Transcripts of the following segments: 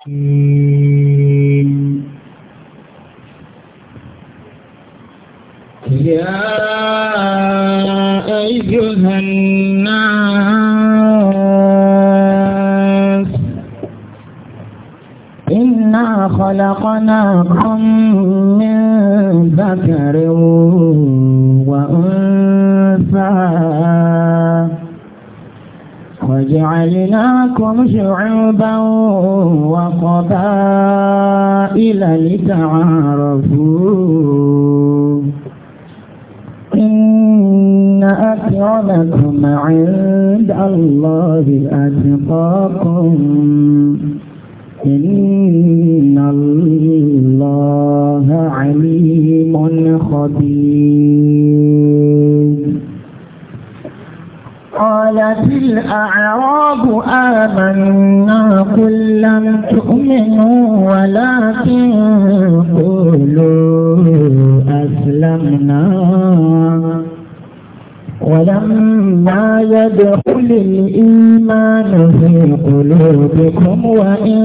يا أيها الناس إنا خلقناكم من ذكر جعلناكم شعوبا وقبائل لتعارفوا إن أكرمكم عند الله أتقاكم إن الله عليم خبير قالت الأعراب الله آمنا قل لم تؤمنوا ولكن قولوا أسلمنا ولما يدخل الإيمان في قلوبكم وإن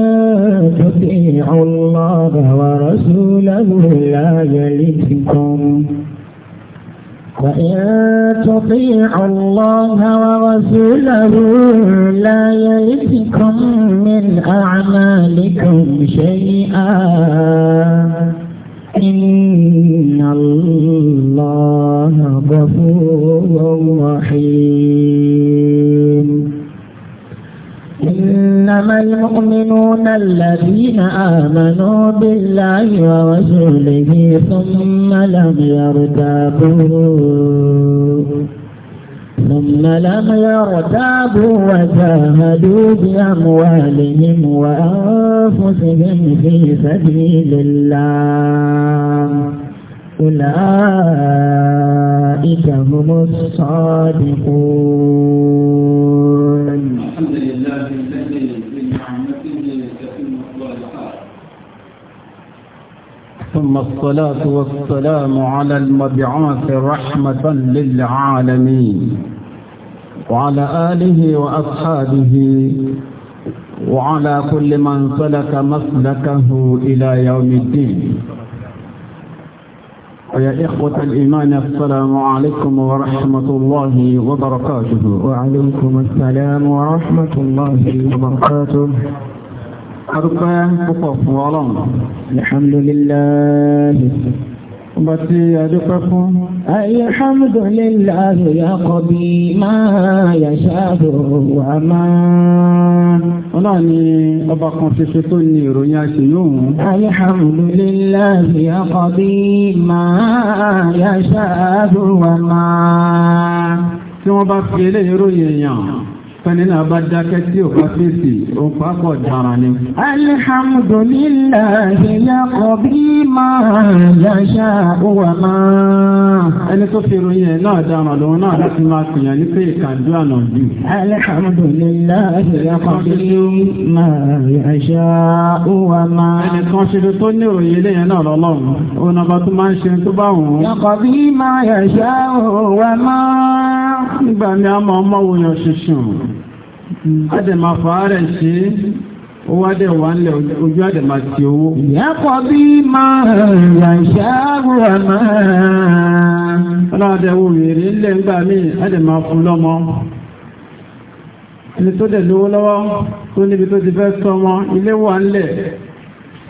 تطيعوا الله ورسوله لا يلدكم وإن تطيعوا الله ورسوله لا يلدكم من أعمالكم شيئا إن الله غفور رحيم المؤمنون الذين آمنوا بالله ورسوله ثم لم يرتابوا ثم لم يرتابوا وجاهدوا بأموالهم وأنفسهم في سبيل الله أولئك هم الصادقون الحمد لله الذي ثم الصلاة والسلام على المبعوث رحمة للعالمين وعلى آله وأصحابه وعلى كل من سلك مسلكه إلى يوم الدين ويا إخوة الإيمان السلام عليكم ورحمة الله وبركاته وعليكم السلام ورحمة الله وبركاته أرقى قطف ولم الحمد لله وبتي أدقى الحمد لله يقضي ما يشاء وما ọlọ́run ni ọba kan ṣoṣo tó ní ìròyìn àṣeyọ̀hún. alihamudulilayi yaqdi ma yasha'u wa ma. tí wọ́n bá fi eléyìí ròyìn èèyàn. Fẹ́ni náà bá dákẹ́ tí ò bá fèsì, òun pápọ̀ dára ni. Alhamdulillahi yaqdi ma yasha'u wa ma. Ẹni tó fi ròyìn ẹ̀ náà dára lòun náà láti máa pìyàn ní pé ìkàndú ànà jù. Alhamdulillahi yaqdi ma yasha'u wa ma. Ẹni kan ṣe tó ní òròyìn eléyẹn náà lọ́lọ́run. Òun náà máa ń ṣe tó bá wù ú. Yaqdi ma yasha'u wa ma. nígbà ní a máa máa wòyàn ṣiṣùn adẹ̀mà fàárẹ̀ ṣe ó ń ojú adẹ̀mà ti owó. ìyẹ́pọ̀ bí máa yà ìṣàrù àmà. ọlọ́dẹ̀ wo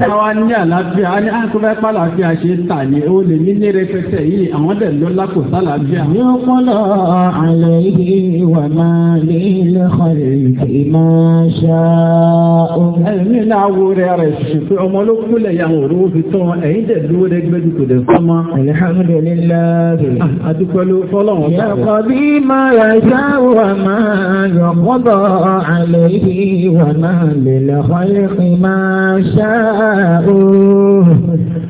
táwa ní àlàáfíà a ní àtúntò fẹ́ pàlàáfíà ṣe tà ní ó lè ní ní rẹpẹtẹ yìí àwọn dẹ̀ ló lápò sálàáfíà. yóò kọ́lọ̀ àlẹ́ yìí wà máa lè lè kọ́lẹ̀ ìdè máa ṣá o. ẹ̀mí náà wo rẹ̀ rẹ̀ sì pé ọmọ ló kú lẹ̀ yàwó rówó fi tán ẹ̀yìn dẹ̀ dúró dẹ́ gbẹ́dù kò dẹ̀ fọ́ mọ́. alihamudulilayi. àdúgbò ló fọlọ́wọ́n. yàtọ̀ bí máa yà sáwọ́ máa yọ̀ kọ́lọ̀ àlẹ́ yìí wà máa lè lè kọ́lẹ̀ شاءوا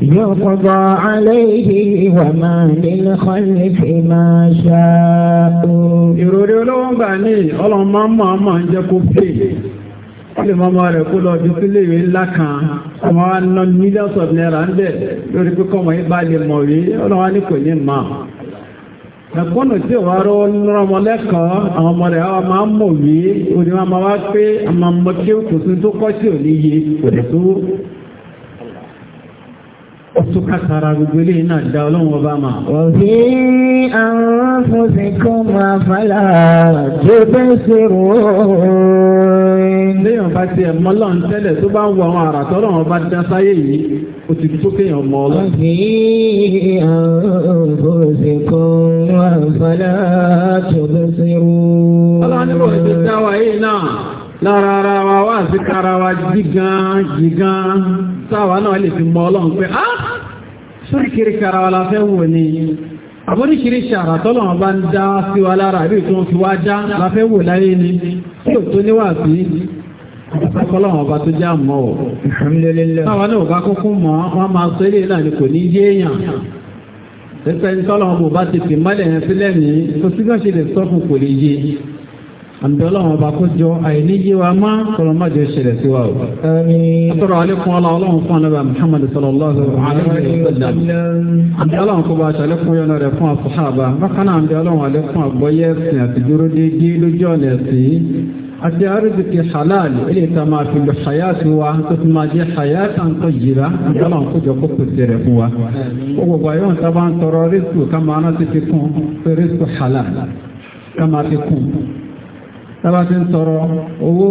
يقضى عليه وما للخلف ما شاءوا ìròrí olówó ń gbà ní ọlọ́run máa ń mọ̀ ọmọ ń jẹ́ kó pè ó lè mọ́ ọmọ rẹ̀ kó lọ ju sílé ìwé ńlá kan ọmọ wa ná mílíọ̀nù of naira ń bẹ̀ lórí pé kọ́mọ yìí bá lè mọ̀ rí ọlọ́run wa ní kò ní mọ̀ ẹ̀kọ́nù tí Oṣù kàtàrà gbogbo ilé náà dá ọlọ́run ọba máa. Òbí àwọn fòsìnkọ́ máa fàlà tó bẹ́ ṣe rò Léèyàn bá ti ẹ̀mọ́ lọ́n tẹ́lẹ̀ tó bá ń wọ àwọn àrà tọ́lọ́ wọn bá dá sáyé yìí, ó ti tó kéèyàn mọ́ ọ lọ. Òbí àwọn fòsìnkọ́ máa fàlà tó bẹ́ ṣe rò. Ọlọ́run ní kò dá wa náà lára ara wa wá sí kára wa jí gan táwa náà lè fi mọ ọlọ́run pé á ah! sóríkiri kara wa la fẹ́ wò ni àbóríṣiríṣi àrà tọ́lọ́run bá ń dá sí wa lára àbí tó fi wá já la wò láyé ni tí ò tó níwàásí ọlọ́run ọba tó já mọ́ ọ̀. táwa náà bá kúkú mọ́ wọ́n máa sọ eré ni kò ní yéèyàn àbẹ̀lọ́wọ̀n ọba kó jọ àìníyí wa má kọlọmájọ ṣẹlẹ̀ sí wa o. àtọ́rọ̀ alẹ́kùn ọlọ́run fún anábà muhammad sallallahu alayhi wa sallam. àbẹ̀lọ́wọ̀n kó bá aṣàlẹ́kùn yọ̀nà rẹ̀ fún àfọ̀hábà bákan náà àbẹ̀lọ́wọ̀n alẹ́kùn àgbọ́yé ẹ̀sìn àti dúró déédéé lójú ọ̀nà ẹ̀sìn àti àrídìkì halal ilé ìta máa fi lọ ṣayáàtì wa tó fi máa jẹ́ ṣayáàtà ń tọ́ yìíra ìjọba ń kójọ kó pèsè rẹ̀ fún wa. ó gbogbo àyọ̀ ń sábà ń tọrọ rísù ká fi kún pé rísù halal ká máa fi tábà ti ń sọ̀rọ̀ owó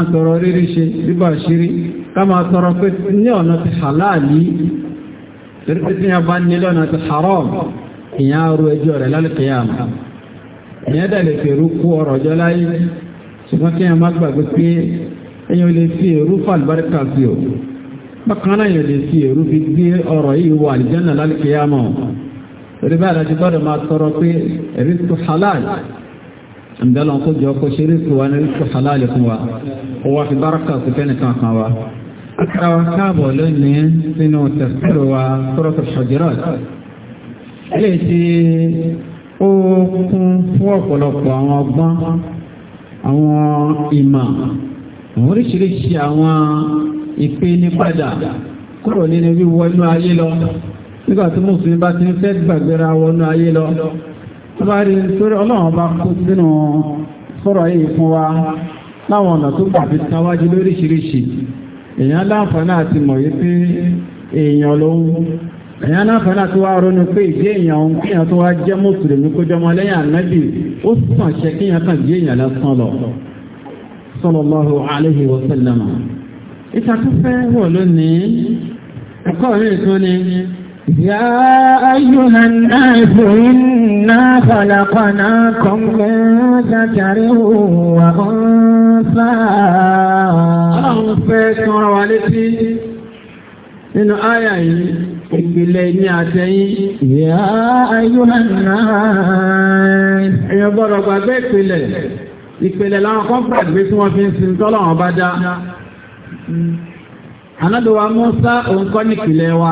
ń sọ̀rọ̀ rírí ṣe bíbà ṣírí ká máa sọ̀rọ̀ pé ní ọ̀nà ti halali torí pé tí wọ́n bá ní lọ́nà ti haram ìyá ru ẹjọ́ rẹ̀ lálùkìyàmù ìyẹn dàlẹ̀ fi èrú kú ọ̀rọ̀ ọjọ́ láyé ṣùgbọ́n kí wọ́n má pé èèyàn lè fi àmìdálọ́ kó jọ kó ṣeré kó wa ní kó halal fún wa kó wá fi báraka kó fẹ́ nìkan kan wa. akarawa káàbọ̀ lónìí sínú tafsir wa sọ́rọ̀tọ̀ Hujurat. eléyìí tí ó kún fún ọ̀pọ̀lọpọ̀ àwọn ọgbọ́n àwọn ìmọ̀ àwọn oríṣiríṣi àwọn ìpènípadà kúrò nínú wíwọnú ayé lọ nígbà tí mùsùlùmí bá ti ń fẹ́ gbàgbéra wọnú ayé lọ tó bá rí sórí ọlọ́run bá kó sínú sọ̀rọ̀ yìí fún wa láwọn ọ̀nà tó gbà fi tawájú lóríṣiríṣi èèyàn láǹfààní àti mọ̀ yìí pé èèyàn lòun èèyàn láǹfààní àti wá ronú pé ìdí èèyàn òun kéèyàn tó wá jẹ́ mùsùlùmí kó jọmọ lẹ́yìn ànábì ó sàn ṣe kéèyàn kàn jẹ́ èèyàn lásán lọ sallallahu alaihi wa sallam ìtàkùnfẹ́ wọ̀ lónìí ẹ̀kọ́ mi tó ní يا أيها الناس إنا خلقناكم من ذكر وأنثى nínú àyà yìí ìgbìlẹ̀ ní àtẹ́yìn ìyá ayúhànà èèyàn gbọ́dọ̀ gbàgbé ìpìlẹ̀ ìpìlẹ̀ láwọn kọ́mpàtì gbé wọ́n fi ń sin tọ́lọ̀ wọn bá dá anábíwá mọ́sá òǹkọ́ nípìlẹ̀ wa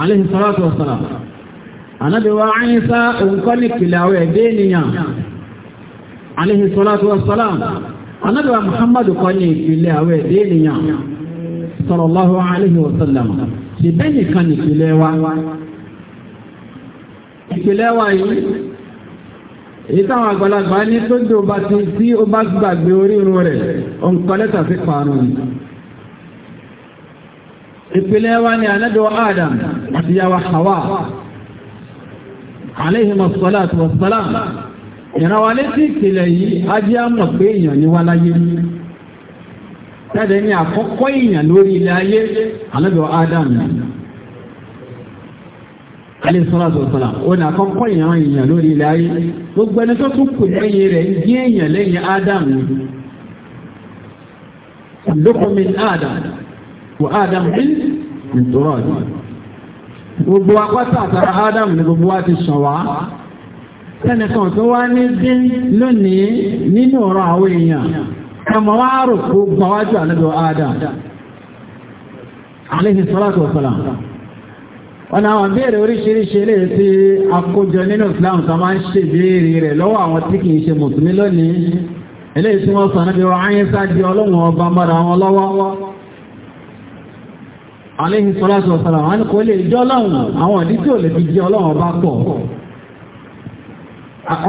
alayhi salatu wasalam anabi wa ayisa nǹkan ní kìláwẹ̀ ẹ̀dẹ́ ènìyàn alayhi salatu wasalam anabi wa muhammadu kan ní kìláwẹ̀ ẹ̀dẹ́ ènìyàn sallallahu alayhi wasallam ti bẹ́yìn kan ní kìláwà ìkìláwà yìí èyí táwọn àgbàlagbà ní tó dé o bá ìpìlẹ̀ wa ni ànábì Adam àti yàwó Hawa alayhi masalatu wasalam ìrànwà létí ìpìlẹ̀ yìí ajé àmọ̀ pé èèyàn ni wá láyé tẹ́lẹ̀ ní àkọ́kọ́ èèyàn lórí ilẹ̀ ayé ànábì Adam alayhi salatu wasalam ó ní àkọ́kọ́ èèyàn lórí ilẹ̀ ayé gbogbo ẹni tó tún kù lẹ́yìn rẹ̀ ń jí èèyàn lẹ́yìn Adam lókùnmin Adam wa adam bin nitorad gbogbo apáta àtàrà adam ni gbogbo wa ti sàn wá tẹnìkan tó wá ní dín lónìí nínú ọ̀rọ̀ àwọn èèyàn kàmọ́ wá rò kó gbàwájú àlejò adam alayhi salatu wa salam ọ̀nà àwọn béèrè oríṣiríṣi lè ti àkójọ nínú islam tó máa ń ṣe béèrè rẹ̀ lọ́wọ́ àwọn tí kìí ṣe mùsùlùmí lónìí eléyìí tí wọ́n sọ níbi wọ́n á yẹn sáájú ọlọ́run aléhìn sọ́lọ́sọ̀ sọ́lọ́ àwọn ní kò lè jẹ́ ọlọ́run àwọn ìdí tí ò lè fi jẹ́ ọlọ́run bá pọ̀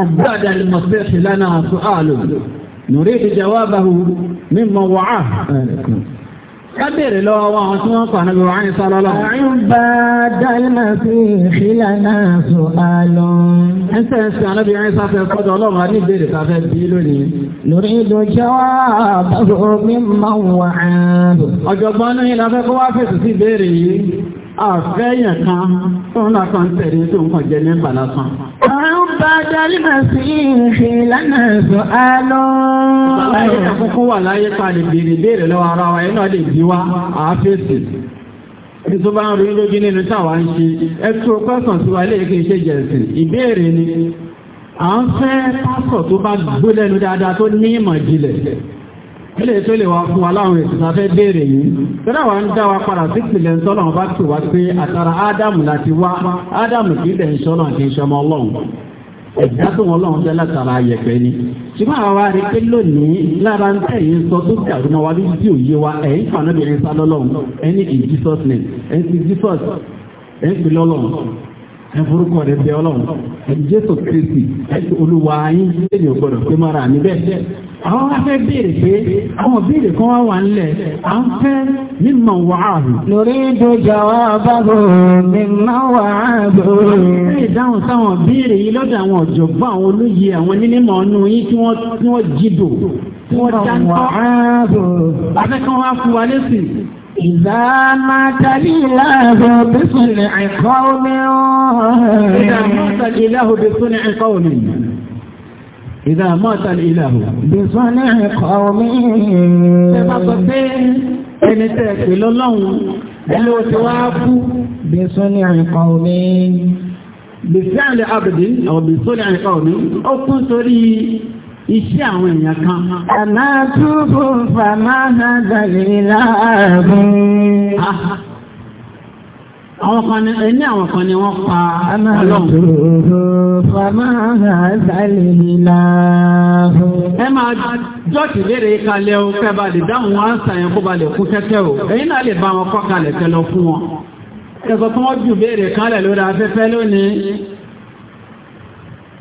ọ̀gbọ́dà ni mo lánàá sọ àlò nùrí ìjẹ́wọ́ bá hu mímọ̀ wàá Kábèrè lọ́wọ́ wọn àwọn tí wọ́n kọ̀ níbi wọ́n ń sọ lọ́lọ́. Àrùn bá dálímà sí ìfìlà náà sọ àlọ́. Ẹsẹ̀ ẹsẹ̀ alábi ẹ̀rín sáfẹ́ kọ́dọ̀ ọlọ́run ní ìbéèrè sáfẹ́ bí lónìí. Lórí ìdòjọ́ àbáwọ̀ mímọ̀ wà á. Ọ̀jọ̀gbọ́n ní ìlànà fẹ́ kó wá fèsì sí ìbéèrè yìí àfẹ́yàn kan tó ń lápá ń tẹ̀lé tó ń kàn jẹ ní ìpàlásán. Ọ̀run bá darí bẹ̀ sí ìṣe lánà ẹ̀sọ́ àlọ́. Láyé àkókò wà láyé palè béèrè béèrè lọ́wọ́ ara wa iná lè bí wá àáfẹ́sì. Ní tó bá ń rí lójú nínú táwa ń ṣe, ẹ tú ọpẹ́sàn tí wa lè kí jẹ̀sìn. Ìbéèrè ni, à ń fẹ́ pásọ̀ tó bá gbólẹ́nu dáadáa tó ní ìmọ̀ ìjìnlẹ̀ ilé tó lè wá fún wa láwọn èsì tá a fẹ́ béèrè yìí tọ́lá wa ń dá wa padà sí ìpìlẹ̀ ńsọ́nà bá tù wá pé àtàrà ádámù láti wá ádámù kì í bẹ̀ ńsọ́nà kì ọlọ́run ẹ̀dá tó wọn lọ́wọ́ fẹ́ látara yẹ̀pẹ̀ ni ṣùgbọ́n àwa rí pé lónìí lára ń tẹ̀ sọ tó dàrú mọ́ wa bí tí ò wa ẹ̀ ń fànàbìnrin sá lọ́lọ́run ẹ̀ ẹ̀ ń fi Jesus ẹ̀ ń fi lọ́lọ́run ẹ̀fọ́rúkọ rẹ̀ bẹ ọlọ́run jésù kristi ẹ̀sùn olúwa yín léèrè ògbọ́dọ̀ pé mara mi bẹ́ẹ̀. àwọn wá fẹ́ béèrè pé àwọn béèrè kan wá wà nílẹ̀ à ń fẹ́ mímọ̀ wà lórí ìdójà wa bàbá mímọ̀ wà á rù. ṣé sáwọn béèrè yìí lọ́dọ̀ àwọn ọ̀jọ̀gbọ́n àwọn olóyè àwọn nínímọ̀ ọ̀nù yín tí wọ́n jí dò. wọ́n إذا مات الإله بصنع قوم إذا مات الإله بصنع قوم إذا مات الإله بصنع قوم ẹni tẹ́ẹ̀kì lọ́lọ́run ẹlò tí wá kú bí sọ́nì àìkà omi bí sí àlẹ́ àbìdí ọ̀bí sọ́nì àìkà omi ó iṣẹ́ àwọn èèyàn kan. Àmá túbù fàmá nàdàlì láàbùn. Àwọn kan ní ẹni àwọn kan ni wọ́n pa ọlọ́run. Àmá túbù fàmá nàdàlì láàbùn. Ẹ máa jọ́ọ̀tì léèrè kalẹ̀ o kẹ́ ba lè dáhùn wọn àǹsà yẹn kó ba lè kú kẹ́kẹ́ o. Ẹ̀yin náà lè bá wọn kọ́ kalẹ̀ kẹ́ fún wọn. Kẹ́sọ̀ tí wọ́n jù béèrè kalẹ̀ lórí afẹ́fẹ́ lónìí.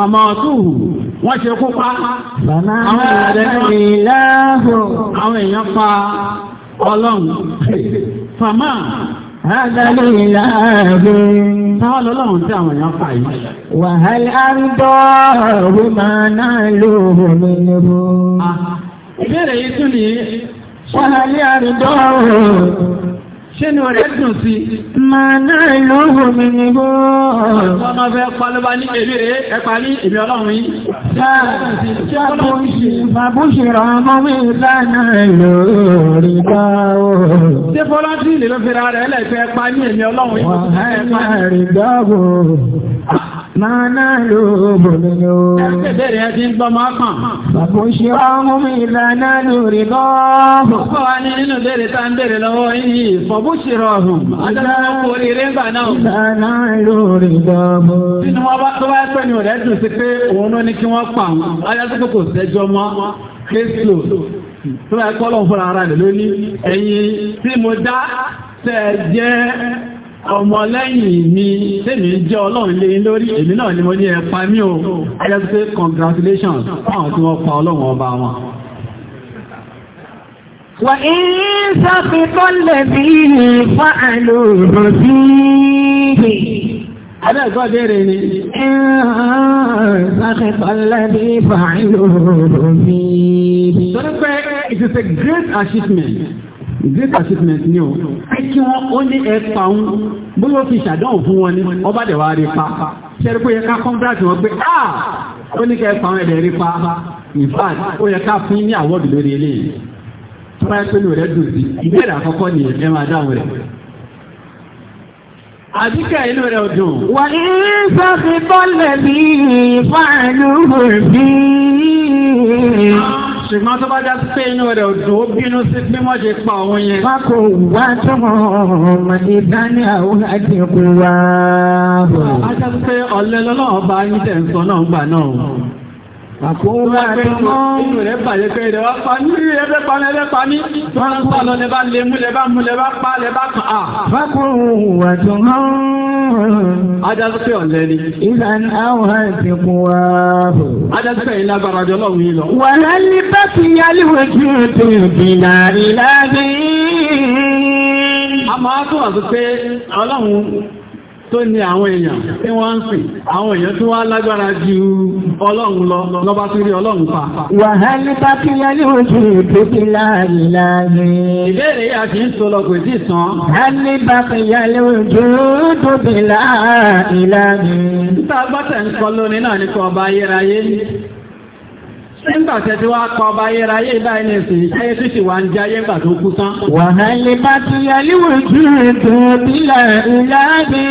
Àmọ́ ọ̀túhù wọ́n ṣe kú pa. Àwọn èèyàn pa ọlọ́run. Fàmá. Àgbàlẹ̀ ìlàáàbí. Táwọn lọ́lọ́run tí àwọn èèyàn fà yìí. Wàhálà àrùdọ́ ọ̀rọ̀ máa náà lò wọlé lórí. Ah, ṣé ni ọ̀rẹ́ dùn sí? Màná ìlúhùn mi ni bó. Ọ̀nà fẹ́ palọ́bá ní èrí ẹ̀pà ní èmi ọlọ́run yìí. Ṣàbúṣe ọmọ mi lánà lórí bá o. Ṣé fọ́lájú ìlè ló fẹ́ra rẹ̀ lẹ́fẹ́ pa ní o. Ẹgbẹ́ ẹ ti ń gbọ́ máa kàn. Ṣàbúṣe ọmọ mi lánà lórí bá o. Bọ́wá ní nínú bẹ̀rẹ̀ tá ń bẹ̀rẹ̀ lọ́wọ́ búṣìrọ̀ ọ̀hùn. Adájọ́ kò rí ilé ńgbà náà. Ìlànà lórí ìdánwò. Nínú wọn bá tó bá pẹ́ ni òrẹ́ mi tèmi jẹ́ ọlọ́run lé lórí èmi náà ni mo ní ẹ mí o. Adájọ́ pé congratulations fún àwọn tí wọ́n pa ọlọ́run ọba wọn. وإن سقط الذين فعلوه فيه هذا قدرني إن سقط الذي فعلوه فيه It is a great achievement. Great achievement ni o. Ẹ kí wọ́n ó ní ẹ̀pà ń bóyá ó fi ṣàdánwò fún wọn ní ọba dẹ̀wà rí pa. Ṣẹ́rí pé yẹ ká kọ́ńtàtì wọn pé áà ah! ó ní kẹ́ ẹ̀pà ń ẹ̀dẹ̀ rí pa. In fact, ó yẹ ká fún ní àwọ́dù lórí eléyìí tó bá yẹ pé lóòrẹ́ dùn sí ìbéèrè àkọ́kọ́ ni ẹ máa dáhùn rẹ̀. Àdíkà inú rẹ̀ ò Wà ní sọ́ọ̀sì bọ́ọ̀lù bí fàánù bí. Ṣùgbọ́n tó bá já sí pé inú rẹ̀ ò ó bínú sí bí wọ́n ṣe pa òun yẹn. Wọ́n kò wá tọ́mọ ọmọdé dání àwọn àdínkù wá. Wọ́n á pé ọ̀lẹ́ lọ́lọ́ọ̀bá tẹ̀ ń sọ náà gbà náà. Àkóhùn rẹ̀ bàjẹ́ pé ìrẹ̀wà pa ní ẹgbẹ́ pa ní ẹgbẹ́ pa ní wọ́n ń pàlọ lẹ́bá lè mú lẹ́bá mú lẹ́bá pa lẹ́bá kan à. Fákòhùn wà tó hàn. Adájú pé ọ̀lẹ́ ni. àwọn àti kún wá. Adájú pé ìlágbára jọ lọ́wọ́ yìí Wà lálẹ́ bá ti yálìwé kí o tó ìbìnà ìlàgbé. A máa tó wà pé ọlọ́run tó ní àwọn èèyàn tí wọ́n ń sìn àwọn èèyàn tí wọ́n lágbára ju ọlọ́run lọ lọ́bá tó rí ọlọ́run pa. wàhálì bá kí lẹ́lú oṣù ìpínlẹ̀ láàrin. ìbéèrè yà kí ń sọ lọ kò sí tán. wàhálì bá kí lẹ́lú oṣù ìpínlẹ̀ láàrin. Nígbà tẹ́ ti wá pa ọba ayérayé báyìí ní ìsìn ayé tí sì wá ń jẹ́ ayé ńgbà tó kú tán. Wàhálì bá ti yẹ níwòjú ètò ìbílẹ̀ ìyá mi.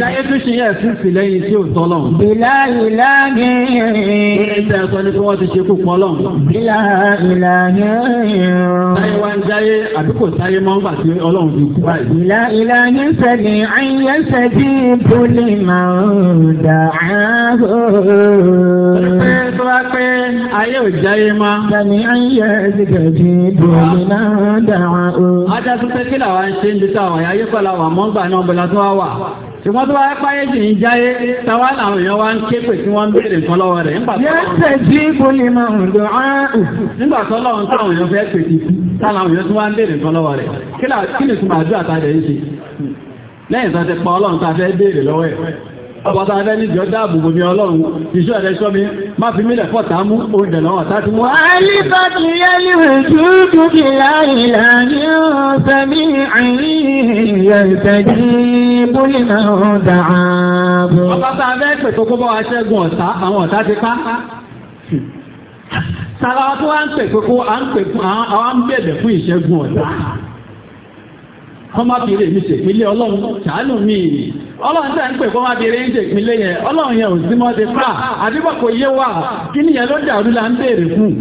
Ṣáyé tún ṣe yẹ fún ìfìlẹ́yìn tí ò tọ́lọ̀. Bìlá ìlànà. Ìgbésẹ̀ ẹ̀sọ́ ni kí wọ́n ti ṣe kú pọ̀ lọ. Bìlá ìlànà. Ṣáyé wá ń ṣáyé àbí kò ṣáyé mọ́ nígbà tí Ọlọ́run ti kú báyìí. Bìlá ìlànà sẹ̀lẹ̀ ayé sẹ̀dí ìbúlé máa ń dà á hó. Tó bá pé ayé ò jáyé mọ́. Sẹ̀lẹ̀ ayé sẹ̀dí ìbúlé máa ń dà á hó. Ajá tún pé kí làwọn ṣe ń bí táwọn ayé kọ́ làwọn mọ́gbà náà bọ̀lá tó wá wà ṣùgbọ́n tó bá yẹ páyé jì ń jáyé táwa làwọn èèyàn wá ń ké pè tí wọ́n ń béèrè nǹkan lọ́wọ́ rẹ̀ nígbà tó lọ́wọ́ yẹ́sẹ̀ tí kò lè máa ń lọ nígbà tó lọ́wọ́ táwọn èèyàn fẹ́ pè tí táwọn èèyàn tó wá ń béèrè nǹkan lọ́wọ́ rẹ̀ kí ni túmọ̀ àdúrà tá a lè ṣe lẹ́yìn tó ti pa ọlọ́run tá a fẹ́ béèrè lọ́wọ́ ẹ̀ ọbọ̀ta ẹgbẹ́ ní ìjọ dáàbòbò mi ọlọ́run ìṣọ́ ẹ̀rẹ́ ṣọ́ mi má fi mílẹ̀ fọ́ta mú oúnjẹ lọ́wọ́ tàbí mú. alifati yẹliwe dúdú kí láìlà ní ọ̀sẹ̀ mi àìyíyẹ ìtẹ̀jú bólì kọ́ má fi eré mi ṣèpínlẹ̀ ọlọ́run ṣàánú mi ọlọ́run tẹ́ ń pè kọ́ má fi eré ń ṣèpínlẹ̀ yẹn ọlọ́run yẹn ò sí mọ́ ti fà àdúgbò kò yé wà kí nìyẹn dàrú la ń fún.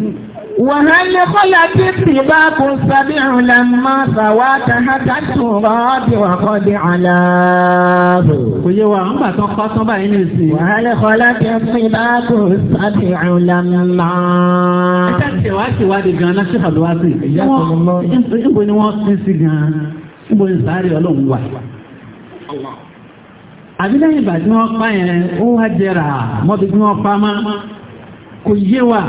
kọ́lá tí tì bá sábẹ́ mọ́ sàwá tàhátà kọ́ di kò yé wa ńgbà kọ́ ní ìsìn. kọ́lá tí tì bá sábẹ́ níbo ni sáré ọlọ́run wà. àbílẹ̀yìn ìgbà tí wọ́n pa yẹn ó wá jẹrà mọ́tò tí wọ́n pa má kò yé wa.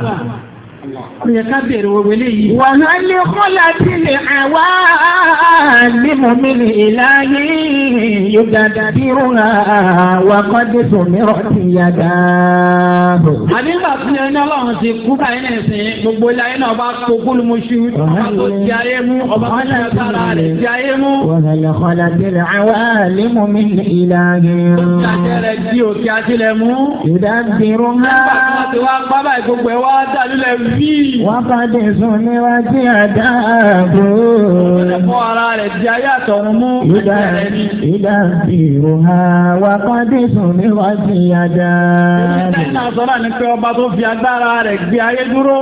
Oyè ká bèèrè wọ̀wẹ̀ léyìí. Wọ̀nà lè kọ́lá tí lè àwá mímọ̀ mi lè láyé yóò dàdà bí rúnra wà kọ́dé tó mìíràn ti yàdá. Àdínlá tí ẹni ọlọ́run ti kú báyìí náà sí gbogbo láyé náà bá kó kúlù mú ṣú. Ọba kọ́lá tí lè àwá mímọ̀ mi lè láyé. Ìtàjẹrẹ tí òkè àtìlẹ̀ mú. Yóò dàbí rúnra. Nígbà tí wọ́n ti wá wọ́n bá dé àdáàbò. Fún ara rẹ̀ di ayé àtọ̀run mú ìrò ha wà bá dé àdáàbò. ìrò ni pé ọba tó fi agbára rẹ̀ gbé ayé dúró.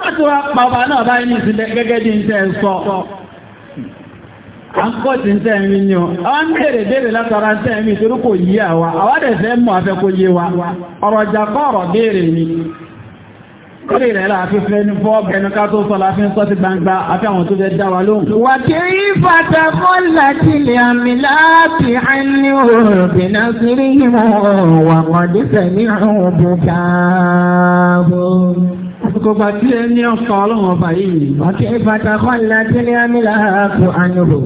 Wọ́n ti wá pa ọba náà báyìí ní ìsìlẹ̀ gẹ́gẹ́ bí n sọ. À ń kọ́ ti ń tẹ́ mi ni ń látara ń torí kò yí àwa. fẹ́ wa. Ọ̀rọ̀ jà kọ́ ọ̀rọ̀ Kọ́lé rẹ̀ la fi fẹ́ ní fọ́ọ̀bù ẹnu ká tó sọ la fi ń sọ sí gbangba àti àwọn tó fẹ́ dá wa lóhùn. Wà kí ìfàtà fọ́lá ti lè àmì láti ẹni òòrùn náà sí rí ìmọ̀ wà wọ́n dé sẹ́ni òòrùn káàbọ̀ àsìkò gbà tí ẹ ní ọ̀fà ọlọ́run ọba yìí. Wàkí ìfàtàkọ́ ńlá tí ní àmìlà àkó àyùrò.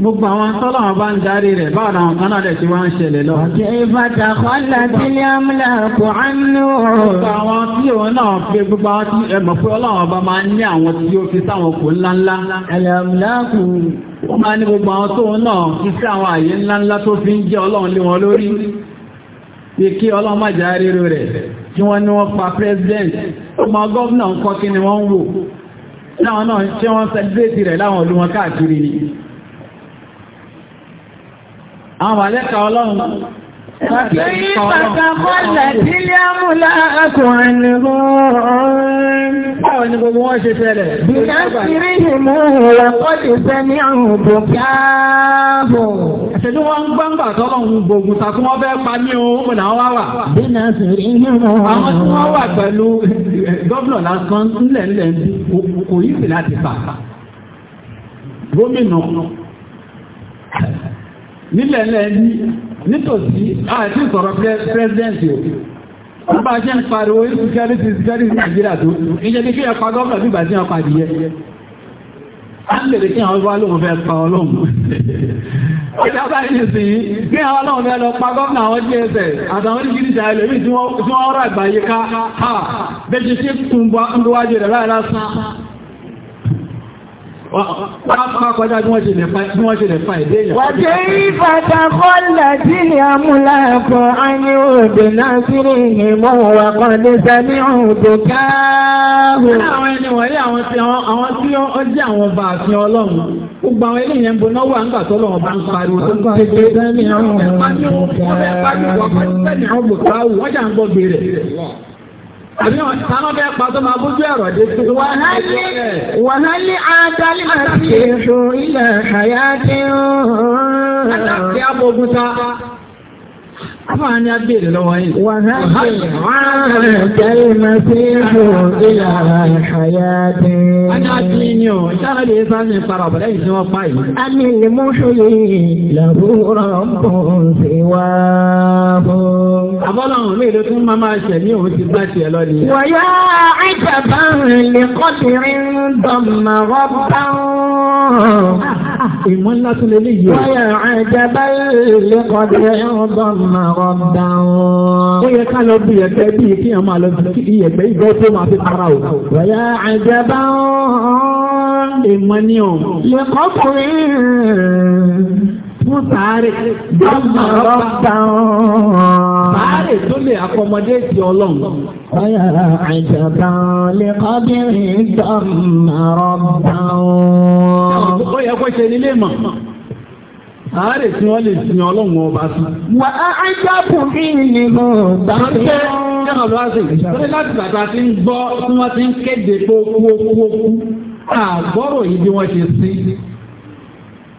Gbogbo àwọn tọ́lọ́run bá ń darí rẹ̀ báwo ni àwọn kan náà dẹ̀ ti wá ń ṣẹlẹ̀ lọ. Wàkí ìfàtàkọ́ ńlá tí ní àmìlà àkó àyùrò. Gbogbo àwọn tí òun náà fi gbogbo àwọn tí ẹ mọ̀ wọ́n máa ní gbogbo àwọn tóun náà fi sí àwọn àyè ńláńlá tó fi ń jẹ́ ọlọ́run lé wọn lórí. Bí kí ọlọ́run má jà rírú rẹ̀ tí wọ́n ní wọ́n pa president ọmọ gọ́ọ̀nà ń kọ́ kí ni wọ́n ń wò láwọn náà tí wọ́n sẹ́lẹ̀tì rẹ̀ láwọn olú káàkiri ni àwọn àlẹ́kà ọlọ́run فكيف تخلت اليملاك عنهم Gómìnà nílẹ̀ lẹ́ẹ̀bí nítòsí àti sọ̀rọ̀ pẹ́sidẹ́ntì o bá ṣe ń pariwo insecurity security Nigeria tó ìjẹ́ ní kí ẹpa gọ́ọ̀pọ̀ bí bàtí ọpa dìyẹ a ń lèrè kí àwọn ọba lóhun fẹ́ pa ọlọ́run ọjọ́ bá ní sí kí àwọn ọlọ́run fẹ́ lọ pa gọ́ọ̀nà àwọn dss àtàwọn onígirisa ẹlòmí tí wọ́n rọ̀ àgbáyé ká ha bẹ́ẹ̀ ṣe kún bọ́ ń bọ́ wájú rẹ̀ láì lásán Pápákọjá bí wọ́n ṣe lè fa ìdé èèyàn. Wàjẹ́ ìfàtà kọ́lá tí ni a mú láàpọ̀ ayé òdè náà sí rí ìmọ̀ wà kan lè sẹ́ni òdò káàrù. Àwọn ẹni wọ̀nyí àwọn tí ó jẹ́ àwọn ọba àfin ọlọ́run. Gbogbo àwọn ilé yẹn boná wà nígbà tó lọ́wọ́ bá ń pariwo tó ń pépé. Wọ́n fẹ́ pàdé wọ́n fẹ́ sẹ́ni òdò káàrù. Wọ́n jà ń gbọ́ bèèrè. وهل عاد المسيح إلى حياة Afáà ni a béèrè lọ́wọ́ yìí. Wà á bẹ̀rẹ̀ kẹ́lí máa fi hù ilà àyà dé. A ní àti ní o, ìṣára lè sá ní para ọ̀bẹ̀rẹ̀ yìí tí wọ́n Àbọ́lọ́run mi ló tún máa máa ṣẹ̀ ní òun ti gbá tiẹ̀ lọ ni. Wọ̀yá àjàbá rẹ̀ lè kọ́ ti rí dọ̀mọ̀rọ̀ bá wọn ìmọ̀ ńlá tún lè lè yọ. Báyà àjẹbá lè kọ́dé ọ̀dọ́ màrọ̀ dá wọn. Ó yẹ ká lọ bí ìyẹ̀pẹ̀ bí kí èèyàn fún sáré dámà rọ́bà sáré tó lè akọmọdé ti ọlọ́run. ọ̀yàrá àjàbá lè kọ́bìrì dámà rọ́bà. ó yẹ kó ṣe nílé mọ̀ àárẹ̀ tí wọ́n lè sin ọlọ́run ọba sí. wà á jábù bí nìbò bá ń tẹ́. kẹ́kọ̀ọ́ ló wá sí láti bàtà tí ń gbọ́ tí wọ́n ti ń kéde kó kú kú yìí bí wọ́n ṣe sí.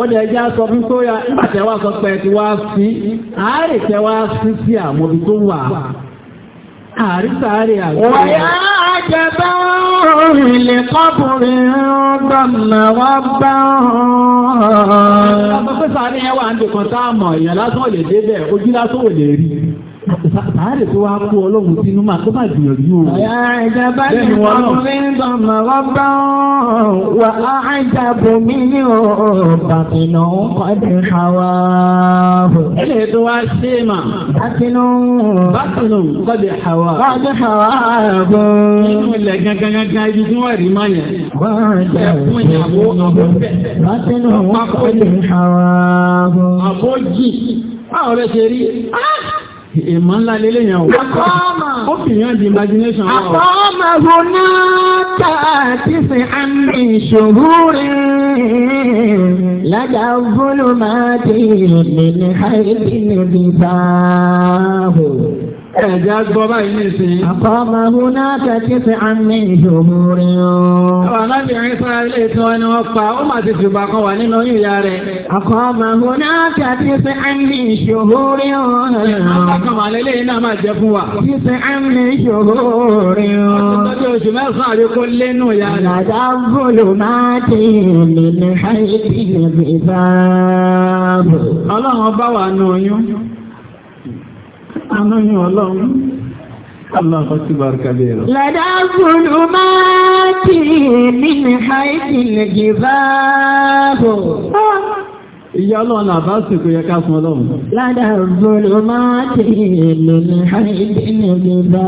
ó lè jẹ́ aṣọ fún tó yá nígbà tẹ́ wá sọ pé ti wá sí àárè tẹ́ wá sí sí àmọ́bí tó wà àárí sáré àgbà. wọ́yá àjẹbá ìlè kọ́bùnrin gbọ̀mọ̀ wá bá ọ́n. ọmọ pẹ́sà ní ẹwà ń dùkọ̀ táàmọ̀ èèyàn lásán ò débẹ̀ ojú lásán ò rí i. Àárẹ̀ tó wá kú ọlọ́run sínú máa tó bá gbìyànjú o. Àyà ìjọba ní ọkùnrin bọ̀mọ̀ rọ́gbọ́n wà ájàbò mí ní ọ̀bàbìnà ọdún àwà. Ẹlẹ́ tó wá ṣe mà. Bákinú. Bákinú kọ́dẹ̀ àwà. Kọ́dẹ̀ àwà bọ̀. Inú ilẹ̀ gangan ibi tí wọ́n rí máa yẹn. Bákinú kọ́dẹ̀ àwà bọ̀. Àbójì. Báwo lẹ ṣe rí? Ah! Ìmọ̀ ńlá lélẹ̀ yẹn o. Àkọ́ọ̀mà. Ó fi yàn di imagination wa. Àkọ́ọ̀mà Rona tààtì sí àmì ìṣòro rẹ̀. Lájà fúlùmáàtì ìrìnlẹ̀ àìsí níbi báàbò. Ẹ̀jẹ̀ agbọ́ báyìí ní ìsìn. Àkọ́mọ̀ Húná tẹ̀kí sí àmì ìṣòro rẹ̀ o. Àwọn alábìnrin fún ilé tí wọ́n ni wọ́n pa, ó máa ti fìgbà kan wà nínú oyún ìyá rẹ̀. Àkọ́mọ̀ Húná tẹ̀kí sí àmì ìṣòro rẹ̀ o. Àkọ́mọ̀ alẹ́lẹ́ iná máa jẹ fún wa. Kí sí àmì ìṣòro rẹ̀ o. Ọjọ́ oṣù mẹ́sàn-án àrí kó lé nù ìyá rẹ̀. Àdá bòlò máa ti lè ní Anúyìn ọlọ́run. Allah kọ́ sí barka bí ẹ̀rọ. Lọ́dá kùnú máa kìí nínú àìsìn lè jì báàbò. Ìyá ọlọ́run náà bá sì kò yẹ ká fún ọlọ́run. Ládàrú ló máa ti èlò ní àìdí níbi bá.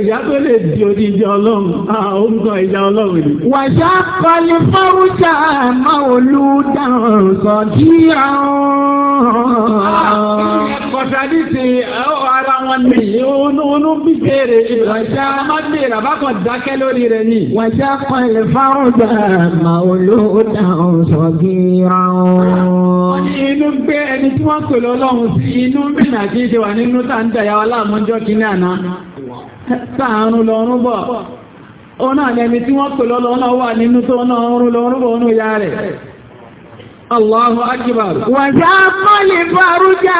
Ìyá tó lè di odi ìjà ọlọ́run, orúkọ ìjà ọlọ́run ni. Wàṣà kọlu fọ́rúṣà máa olú dáhùn sọ wọn ní. ìhónúhónú bí béèrè ìrọ̀já má béèrè ni. wọ́n já pẹ̀lẹ́ fáwọn gbà máa olóòdà ọ̀sọ̀ gíra wọn. inú gbé ẹni tí wọ́n pè lọ́lọ́run sí inú mìíràn kí ṣe wà nínú tá à ń dàyà wa Allahu Akbar. Wàjá mọ́lì farújà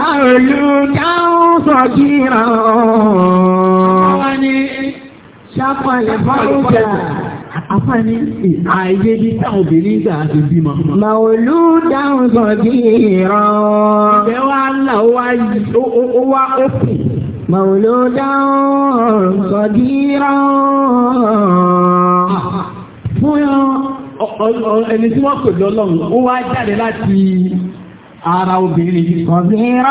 màálù dáhùn sọ̀kìrà. Wọ́n ní ṣàpàlì farújà. Afáàní ààyè bí táwọn obìnrin gbà ti bímọ. Màálù dáhùn sọ̀kìrà. Ìbẹ̀ wá là ó wá ó wá ó kù. Màálù dáhùn sọ̀kìrà. Fún yọ ẹni tí wọ́n pè lọ́lọ́run ó wá jáde láti ara obìnrin. Ọ̀bìnrin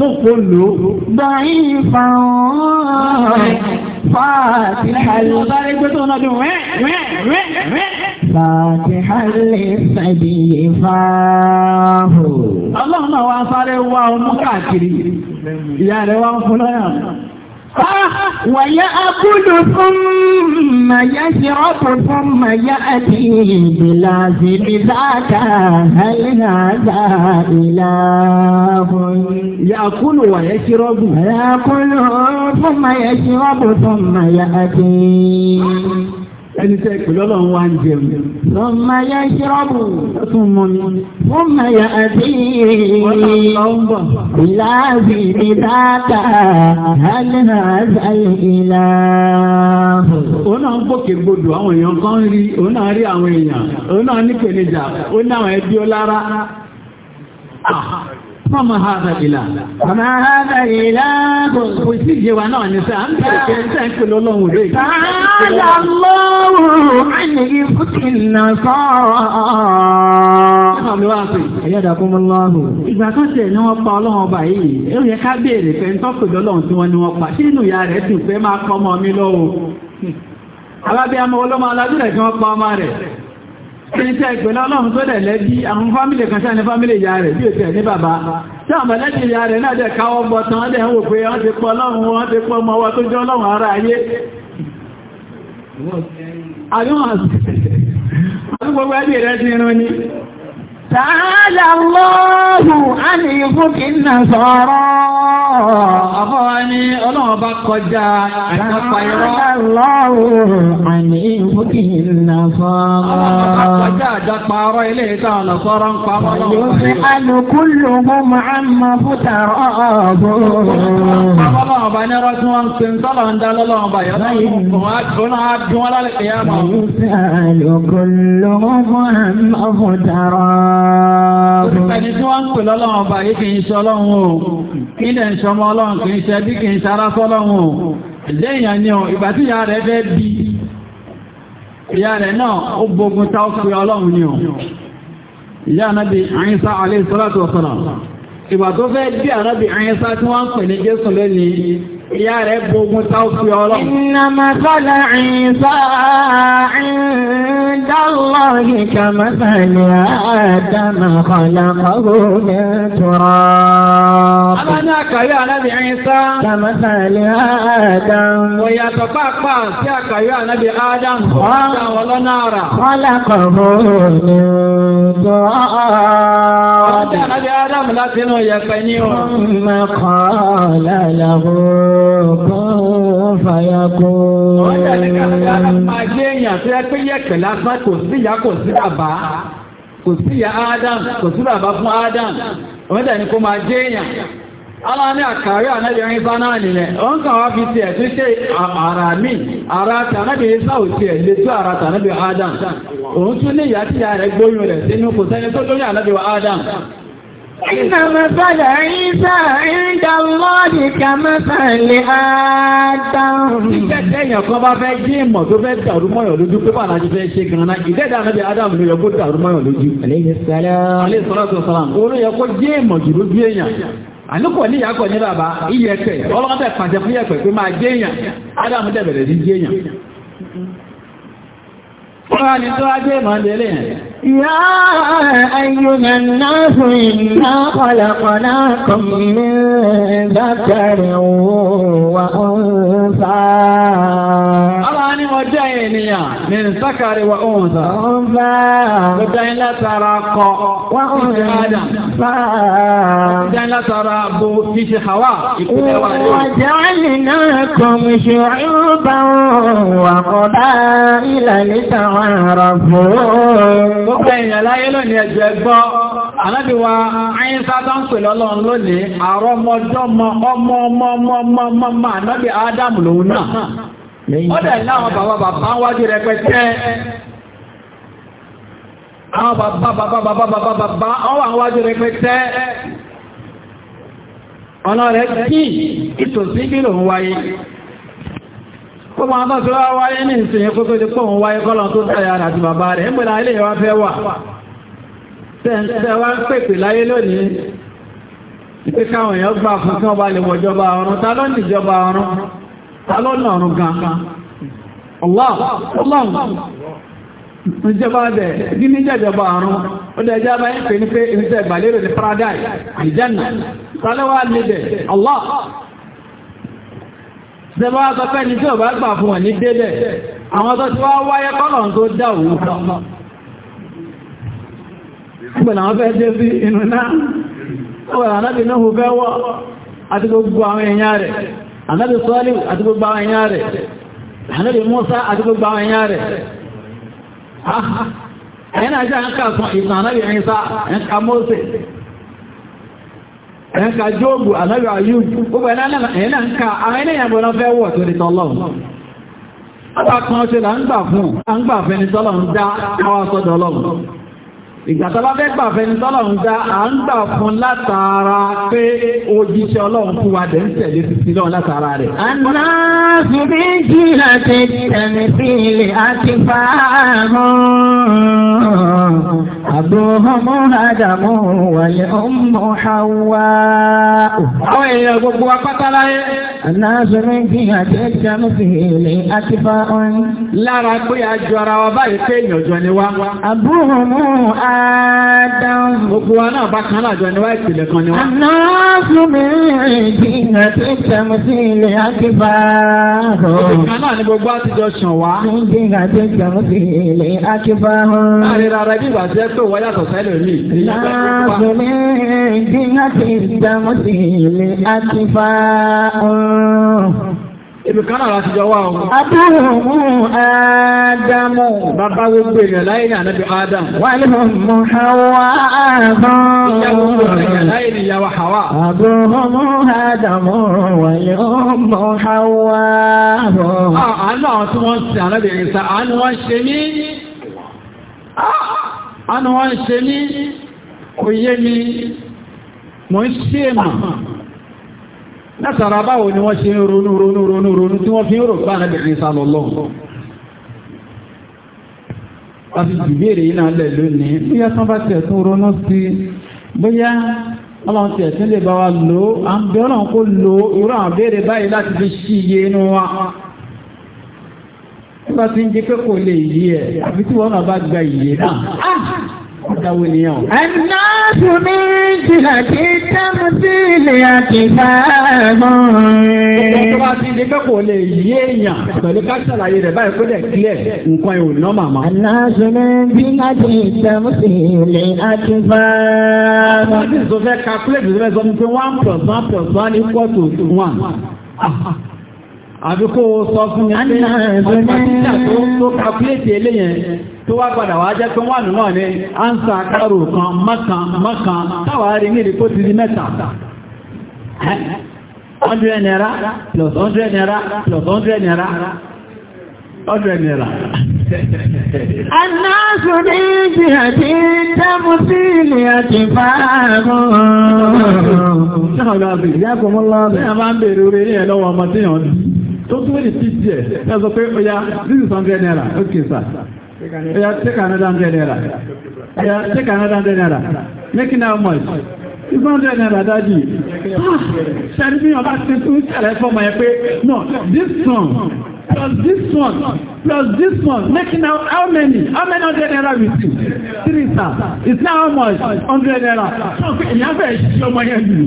ló kó lò ó. Báyìí fa ọ̀rọ̀ fàtíhà lè. Ọ̀sáré gbé tó náà dùn wẹ́ẹ̀ wẹ́ẹ̀ wẹ́ẹ̀ wẹ́ẹ̀. Fàtíhà lè sàbí fáhù. Ọlọ́run náà wá sáré wá ọmú káàkiri. Ìyá rẹ̀ wá ń fún lọ́yà. ويأكل ثم يشرب ثم يأتي بلازم ذاك هل هذا إله يأكل ويشرب يأكل ثم يشرب ثم يأتي ẹni tẹ́ ìpìlẹ̀ ọlọ́run wá ń jẹun. Thumma yashrabu. Fún mọ́ mi. Thumma ya'ti. Ìlà bìbí dáta, àlẹ́ àzàlẹ̀ ìlà. Òun náà ń gòkè gbodò àwọn èèyàn kan rí, òun náà rí àwọn èèyàn, òun náà ní Fọ́mọ ha bẹ̀ ìlà. Fọ́mọ ha bẹ̀ ìlà. Kò sí ìyẹ̀wà náà ní sẹ́, à ń bẹ̀rẹ̀ pé ṣẹ́ ń pèlú ọlọ́run rẹ̀. Tààlà lọ́wọ́ àní ìfúkì nà sọ́rọ̀. Ṣé mi wá Ẹ̀yẹ́ dàkú mọ́ lọ́hùn. Ìgbà kan ṣe ni wọ́n pa ọlọ́run ọba yìí. Ẹ yẹ ká béèrè pé ń tọ́pẹ̀ lọ́lọ́run tí wọ́n ní wọ́n pa. Ṣé inú ìyá rẹ̀ dùn pé máa kọ́ ọmọ mi lọ́wọ́? Alábíàmọ́ ọlọ́mọ alájú rẹ̀ tí Kìrìtì ìpínlẹ̀ ọlọ́run tó dẹ̀ lẹ́bí àwọn fámílì kan sáà ní fámílì ìyá rẹ̀ bí òtẹ̀ ní bàbá. Tí àwọn mẹ́lẹ́bí ìyá rẹ̀ náà dẹ̀ káwọ́ bọ̀ tán ń wò pé wọ́n ti pọ̀ ọlọ́run wọ́n ti pọ̀ ọmọ tó jẹ́ ọlọ́run ara ayé. Tààlà lọ́ọ̀hù á ní ikú kí n nà sọ̀rọ̀. Ọmọ wa ní ọlọ́run bá kọjá àyànfà irọ́. Tààlà lọ́ọ̀hù á ní ikú kí n nà sọ̀rọ̀. Ọlọ́run bá kọjá àjọpọ̀ ọ̀rọ̀ ilé ìtàn ọ̀nà sọ̀rọ̀ ń pa ọmọ náà. Yóò Ọlọ́run bá ní ọrọ̀ tí wọ́n ń pè ń ń dá lọ́lọ́run bá yọ̀ọ́. Olùfẹ́ni tí wọ́n ń pè lọ́lọ́run ọba yìí kì í ṣe ọlọ́run o, kí ní ń ṣọmọ ọlọ́run kì í ṣe bí kì í ṣe ara fọ́lọ́run Lẹ́yìn ni ìgbà tí ìyá rẹ̀ fẹ́ bí ìyá rẹ̀ náà ó gbógun tá Ìyá anábì Àyínsá alayhi tá ó pè ọlọ́run. Ìnàmọ̀ عند الله كمثل آدم خلقه من تراب أنا يا نبي عيسى كمثل آدم ويا تبقى سياك يا نبي آدم ولا نار خلقه من تراب يا نبي آدم لا تنو يا فنيو ثم قال له كن فيكون lásán kò sí ìyá kò sí bàbá kò sí ìyá Adam kò sí bàbá fún Adam ọmọdé ni kó máa jẹ́ èèyàn ala ní àkàrí ànábìnrin bá náà nìyẹn wọ́n kàn wá fi ti ẹ̀tún ṣe àrà mí ara tànábìnrin sáà ti ẹ̀ lè tó ara tànábìnrin Adam òun tún ní ìyá tí ìyá rẹ̀ gbóyún rẹ̀ sínú kò sẹ́ni tó lóyún ànábìnrin Adam إن مثل عيسى عند الله كمثل آدم. Ìjẹ́jẹ́yàn kan bá fẹ́ jí ìmọ̀ tó fẹ́ dàrú mọ́yàn lójú pé bàbá ti fẹ́ ṣe gan-an. Ìdẹ́dà ànábì Ádámù ló yẹ kó dàrú mọ́yàn lójú. Alayhi salam. Alayhi salatu wa salam. Oòrùn yẹ kó jí ìmọ̀ jù lójú èèyàn. Àlùkò ní ìyàkọ̀ ní bàbá, iyẹ̀kẹ̀, ọlọ́mọdé pàṣẹ fún iyẹ̀kẹ̀ pé máa jẹ́ èèyàn. Ádámù dẹ̀ bẹ̀rẹ̀ Wọ́n ni tó ágbé ìmọ̀lẹ́lẹ̀ yẹn. Yá jẹ́ ènìyàn ní sákàrí wa oúnjẹ. Ọba. Ló dáyé látara kọ. Wá oúnjẹ. Adam. Dáyé látara bo fíṣe Hawa. Ìpínlẹ̀ wa ni. Wọ́n jẹ́ àlìná kan ṣe ọba wà kọ́dá ìlànà ìtàwọn ará fún. Gbogbo èèyàn láyé lónìí ẹ̀jẹ̀ gbọ́. Ànábì wa Àyínsá tó ń pè lọ́lọ́run lónìí, àrọ́mọdọ́mọ ọmọ ọmọ ọmọ ọmọ ọmọ ànábì Ádámù lòun náà. ọ̀dẹ̀ láwọn bàbá bàbá wájú rẹpẹtẹ àwọn bàbá bàbá bàbá bàbá bàbá ọwà wájú rẹpẹtẹ ọ̀nà rẹ̀ kí ìtòsí bí lòun wáyé kó máa tán tí wáyé ní ìsìnyẹ kó tó ti pọ̀ wáyé kọ́lọ̀ tó tàyà àti bàbá rẹ̀ ń ilé wa fẹ́ wà tẹ́ntẹ́ wá pèpè láyé lónìí ìpé èèyàn gbà fún wọ́n bá lè wọ̀jọba ọ̀run ta ló ń dìjọba ọ̀run tàlọ́nà ọ̀run gan Allah Allah ìjọba dẹ̀ gíní jẹjọba àrùn ó dẹ̀ jẹ́ báyìí pé ní pé ìrìnsẹ̀ ìgbàlérò ní paradise àìjẹ́nà tàlẹ́wà lédẹ̀ Allah ṣẹba sọ pé ní tí ò bá gbà fún ọ̀ ní délẹ̀ àwọn tó ti wá wáyé kọ́lọ̀ tó dá òun gbọ̀nà wọ́n fẹ́ jẹ́ sí inú náà ó wà náà bí náà hù fẹ́ wọ́ àti gbogbo àwọn èèyàn rẹ̀ ànábì sọ́ọ́lì àti gbogbo àwọn ẹ̀yà rẹ̀ ànábì Mùsá àti gbogbo àwọn ẹ̀yà rẹ̀ ẹ̀yìn àjá ń ká sọ ìtàn ànábì Ìsá ń ka Mósè ń ka Jóòbù ànábì Ayúb gbogbo ẹ̀yìn ń ka àwọn ènìyàn bọ̀ náà fẹ́ wọ̀ tó ní ìgbàtọ́lá fẹ́ gbà fẹ́ni tọ́lọ́run dá a ń gbà fún látara pé òjíṣẹ́ ọlọ́run fún wa dẹ̀ ń tẹ̀lé títí lọ́run látara rẹ̀. àná fìdí jìnnà ti tẹ̀lé sí àti fáàmù àgbòhàmù àdàmú wàlẹ̀ ọmọ hawa. àwọn èèyàn gbogbo apátálá yẹ. àná fìdí jìnnà ti tẹ̀lé sí àti fáàmù. lára pé àjọ ara wa báyìí pé èèyàn ni wá. àbúrò mú Adam. Gbogbo wa náà bá kan láàjọ ni wá ìpìlẹ̀ kan ni wá. Àná súnmi ìdíyàn tí tẹ̀mú sí ilé Akíbá. Ìkan náà ni gbogbo àtijọ́ sàn wá. Ìdíyàn tí tẹ̀mú sí ilé Akíbá. Láàrin ara bí ìgbà jẹ́ tó wáyà sọ̀tẹ́ lè rí. Àná súnmi ìdíyàn tí tẹ̀mú sí ilé Akíbá. Èmi kan náà láti jọ wá ọ̀hún. Abúrùn-ún Ádámù. Bàbá gbogbo èèyàn láyé ní ànábì Ádámù. Wà ní ọmọ Hawa Ádámù. Ìyá gbogbo èèyàn láyé ní ìyá wa Hawa. Abúrùn-ún Ádámù wà ní ọmọ Hawa. Àánú àwọn tí wọ́n ń sin ànábì Ìsá, àánú wọ́n ṣe mí. Àánú wọ́n ṣe mí. Kò yé mi. Mo ń ṣe mà. látara báwo ni wọ́n ṣe ń ronú ronú ronú ronú tí wọ́n fi ń rò nke bá tiẹ̀ tún ronú sí ọlọ́run tiẹ̀ tún lè bá wa lò ó ń ọlọ́run kó lò ó àwọn béèrè báyìí láti fi ṣí iye inú wa ń jẹ́ pé kò lè yí ẹ̀ àbí tí wọ́n náà bá gba náà Ìjáwé nìyàn. Ẹ̀nà tùmí jìlà kí tẹ́mù sí ilé àkìfà mọ́. Ìjọba ti di pé kò lè yí èèyàn pẹ̀lú ká ṣàlàyé rẹ̀ báyìí kó dẹ̀ kílẹ̀ nǹkan ìwò náà màmá. Ẹ̀nà tùmí jìlà kí tẹ́mù sí ilé àkìfà mọ́. Ìjọba ti calculate the result pé one plus one plus one equal to one. àbí sọ fún mi pé àtàkìtà tó tó kàkúlẹ̀tì eléyẹn tó wá padà wá jẹ́ pé wọ́n náà ní ánsà kárò kan mọ́kan mọ́kan táwàá rí ní ìrìkó ti di mẹ́ta 100 plus 100 plus 100 100 ní ìjì àti máa ń bèèrè orí ọmọ tí yàn tó tún wí ní títí ẹ̀ ẹ sọ pé ọya this is hundred naira okay sir ọya take another hundred naira ọya take another hundred naira making how much it's hundred naira daddy ah ṣàdí bí wọn bá ti tún ṣẹlẹ̀ fọmọ yẹn pé no this one plus this one plus this one making out how many how many hundred naira we see? three sir it's now how much hundred naira. ìyá fẹ́ ṣe ọmọ yẹn lù.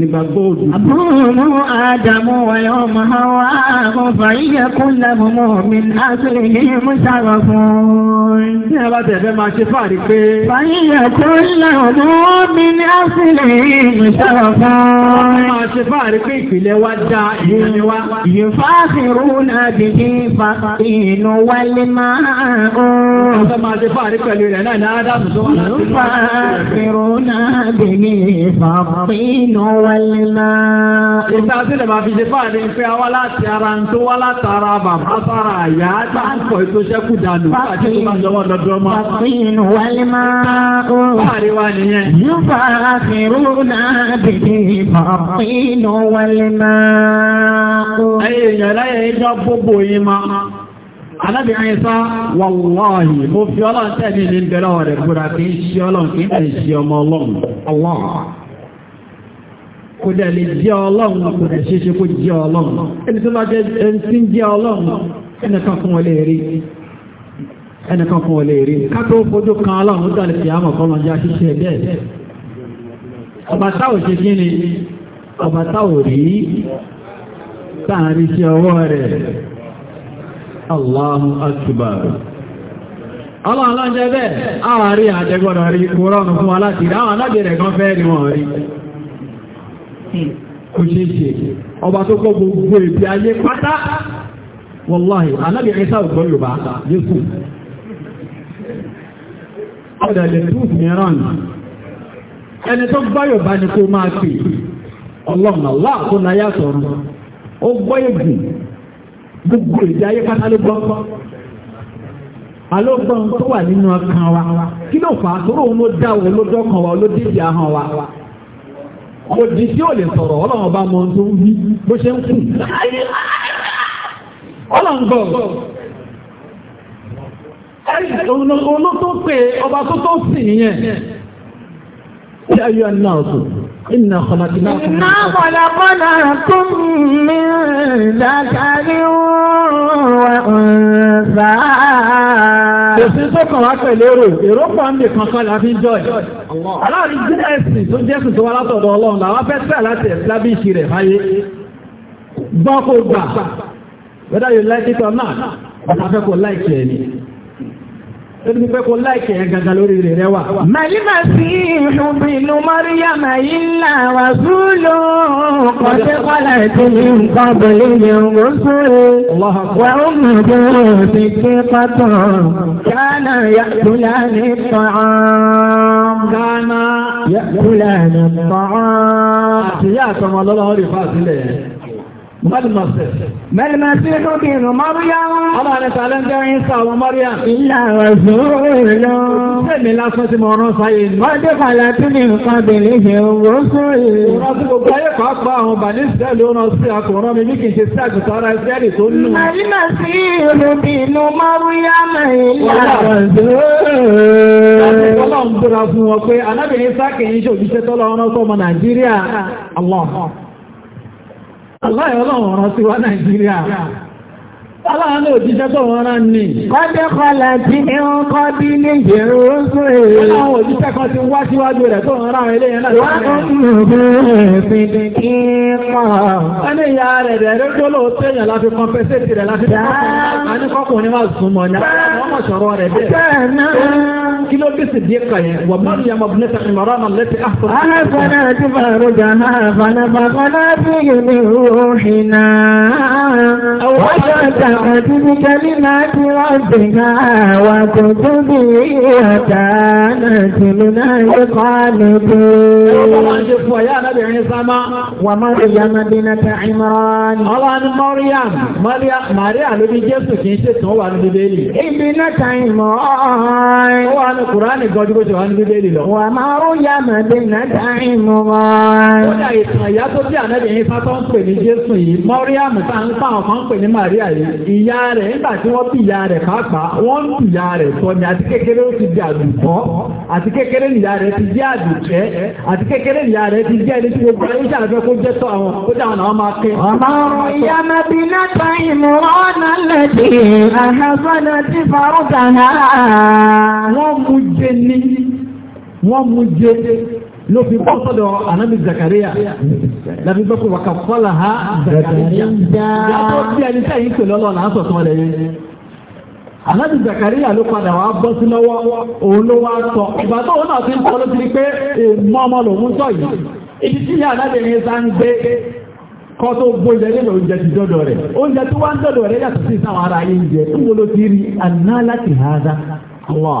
nígbà góòdù. àbúrò ádámù wọ̀nyọ́ ọmọ hawa àwọn fàyíyẹ kúnlẹ̀ mọ́mọ́ mi lásìlẹ̀ ní mùsàlọ̀ fún. bí a bá tẹ̀lé máa ṣe fàárí pé. fàyíyẹ kúnlẹ̀ mọ́mọ́ mi lásìlẹ̀ ní mùsàlọ̀ fún. máa ṣe fàárí pé ìpìlẹ̀ wa dá ìyẹn ni wa. ìfàfìrú náà dìde fàfà inú wálé máa ń. ọ̀sẹ̀ máa ṣe fàárí pẹ̀lú rẹ̀ náà ní ádámù tó wà láti. ìfàfìrú náà dìde fàfà inú wálé máa ń. والماء ìtàsílẹ̀ máa fi ṣe fáà ní pé a wá láti ara ń tó wá látara bàbá sára àyà àgbà ń kọ̀ ètò ṣẹ́kù dànù àti tó máa jọmọ́ dọ́dọ́ mọ́. Fàfin wàlímáà ó. Fáàrí wa nìyẹn. Yóò fà á fi rúnà bèbè fàfin Alábi Àìsá wàláhì mo fi ọlọ́run tẹ̀lé ní ìbẹ̀rẹ̀ ọ̀rẹ́ gbọ́dọ̀ kì í ṣe ọlọ́run kì ọmọ ọlọ́run. Allah. kò dẹ̀ lè jẹ́ ọlọ́run kò dẹ̀ kó jẹ́ ọlọ́run ẹni tó bá jẹ́ ẹni jẹ́ ọlọ́run ẹnìkan fún wọlé rí ẹnìkan fún rí kan ọlọ́run tó lè fi àmọ̀ bẹ́ẹ̀ rí kò ṣe ṣe ọba tó kọ́ gbogbo èdè ayé pátá wọláhì anábì ẹ̀ṣà yorùbá yéṣù ọ̀dà lè mìíràn ẹni tó gbá yorùbá ni kó máa pè ọlọ́run ya náà yàtọ̀ ó gbọ́ gbogbo ayé pátá ló gbọ́ alógbọ́n tó wà nínú ọkàn wa kí ló fà á tó ló ló dọ́kàn wa òdì tí ò lè sọ̀rọ̀ ọlọ́run bá mọ tó ń bí bó ṣe ń kù ọlọ́run gbọ́ ọ̀nà tó pé ọba tó tó sì yẹn tí ayé náà tó iná kọ̀lákìlá kọ̀lákìlá iná kọ̀lákọ̀lá tó mi dákàrí òǹfà. kò sí tó kàn wá pẹ̀lú èrò èrò pọ̀ kankan láti jọ ẹ̀ aláàrin jẹ́ ẹ̀sìn tó jẹ́ sùn tó wá látọ̀dọ̀ ọlọ́run làwọn fẹ́ fẹ́ láti ẹ̀sìlábíṣì rẹ̀ fáyé gbọ́kò gbà whether you like it or not ọ̀nà afẹ́kọ̀ọ́ láìkì ẹ̀ ni Ebi pé kò láìkẹ̀ ẹ̀ gàgà lórí rẹ̀ rẹ̀ wà. Màlímà sí ìṣùnbìnú Mọ́ríyà Màyílà wà súlò kọ̀dé kọ́lá tí ní nǹkan bẹ̀lẹ̀ yẹn ń sóre. Wà ó mú bí àtọmọ lọ́lọ́run rí yẹn. Mẹ́lìmọ̀sẹ̀. Mẹ́lìmọ̀sẹ̀ ló bí ìrùn Mọ́ríyá. Ọmọ rẹ̀ tààlẹ́ jẹ́ ìsà ọmọ Mọ́ríyá. Ìlà ọ̀sùn lọ. Sẹ́mi lásán tí mo rán sáyé ni. Wọ́n dé kàlà tí ní nǹkan bèèrè ṣe owó sóyè. Ìrọ̀ tí gbogbo ayé kan pa àwọn bàní sílẹ̀ ló rán sí akọ̀rọ̀ mi bí kì í ṣe sí àgùntàn ara Ọlọ́run búra fún wọn pé anábìrin sáà kì ṣe òjíṣẹ́ tọ́lọ́ aláyọ̀ ọlọ́run ọ̀rọ̀ sí wa nàìjíríà aláàánú òjíṣẹ́ tó wọ́n rán ní. kọ́dé kọlà tí ní wọ́n kọ́ bí ní ìṣẹ̀rù oṣù èyí. aláwọn wá síwájú rẹ̀ tó wọ́n rán eléyìí náà. wọ́n ń lò ó fìdí kí mọ̀. ẹni ìyá rẹ̀ rẹ̀ ló tó lò ó téèyàn láti kọ́mpẹ́sẹ̀tì rẹ̀ láti kí ló dé sí díẹ̀ kan yẹn wà Maryam ibnata Imran allati ahsanat. aláfẹ́lẹ́ ti fàrọ̀ jà náà fana fana fi yìí ruhina. wọ́n ṣe àtàkà tí mi kẹ́lí náà ti wọ́n sì ká wà kò Imran. ọlọ́run Maryam Maria ló bí Jésù kì í ṣètò wà ní Bíbélì. ìbínú ta ìmọ̀ ní Kùránì gan dúró ṣe wà ní Bíbélì lọ. Wà máa rú ya màdé náà dáhìn mú wá. Ó ní àìsàn ìyá tó bí ànábì yín sátọ́ ń pè ní Jésù yìí. Mọ́ríàmù tá ń fáwọn kan ń pè ní Màríà yìí. Ìyá rẹ̀ nígbà tí wọ́n bí ìyá rẹ̀ pàápàá, wọ́n ń bí ìyá rẹ̀ sọ ni àti kékeré ó ti di àdùkọ́. Àti kékeré ìyá rẹ̀ ti jẹ́ àdùkẹ́. Àti kékeré ìyá rẹ̀ ti jẹ́ ẹni tí gbogbo mú jẹ ní wọ́n mú jẹ ló fi bọ́ sọ́dọ̀ anábì Zakaria láti gbọ́ pé wàkà fọ́lá ha Zakaria yàtọ̀ sí ẹni tí àyíkè lọ́lọ́ là ń sọ̀tún Zakaria ló padà wá bọ́ sí lọ́wọ́ òun ló wá sọ ìgbà tó òun náà ti ń sọ ló ti rí pé èèmọ́ ọmọ lòun sọ yìí ibi tí yàrá bẹ̀rẹ̀ sá ń gbé kọ́ tó gbóúnjẹ nínú oúnjẹ ti dọ́dọ̀ rẹ̀ oúnjẹ tó wá ń dọ́dọ̀ rẹ̀ yàtọ̀ sí sáwọn ará yìí ń tó wọ́n ló ti rí aná láti hàdá Allah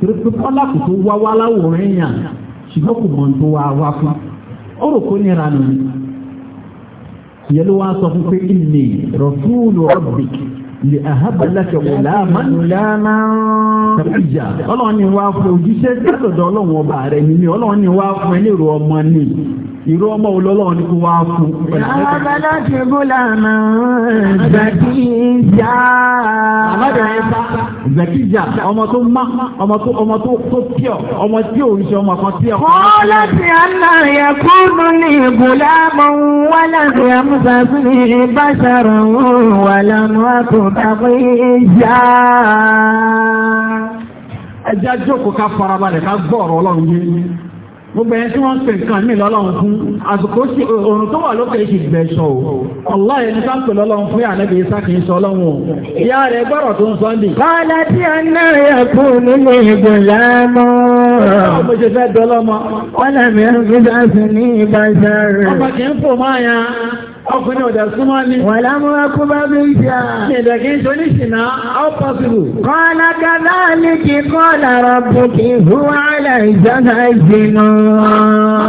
torípé kọ́lá kò tó wá wá láwòrán èèyàn ṣùgbọ́n kò mọ̀ tó wá wá fún ó rò kó nira nù wá sọ fún pé ìnì rọ̀fúùlù rabbik lè àhábàlákẹ̀ wò láàmà. láàmà. tàbíjà ọlọ́run ni wá fún ojúṣe ọlọ́run ọba rẹ̀ nínú ni. ìró ọmọ olọ́lọ́wọ́ ní kó wá fún Zakija ọmọ tó má ọmọ tó ọmọ tó tó píọ̀ ọmọ tí ò ń ṣe ọmọ kan píọ̀. Kọ́ láti àná yẹ kó nù jókòó ká farabalẹ̀ ká gbọ́ ọ̀rọ̀ ọlọ́run yé gbogbo ẹni tí wọ́n pè nǹkan mí lọ́lọ́run fún àsìkò sí òrùn tó wà lókè ṣì gbẹ̀ṣọ̀ o ẹni tá pè lọ́lọ́run fún ànábì Ìsá kì sọ ọlọ́run ìyá rẹ̀ gbọ́rọ̀ tó ń sọ ní ìbáṣá ọkùnrin ọ̀dà súnmọ́ ni. wọ́n lámú ẹkú bá bí ń jà. ìdè kí n tó ní ṣìnà all kọ́lá kàdá ní kí kọ́lá rọ̀bù kí huwa àlà ìjọba ìjìnà.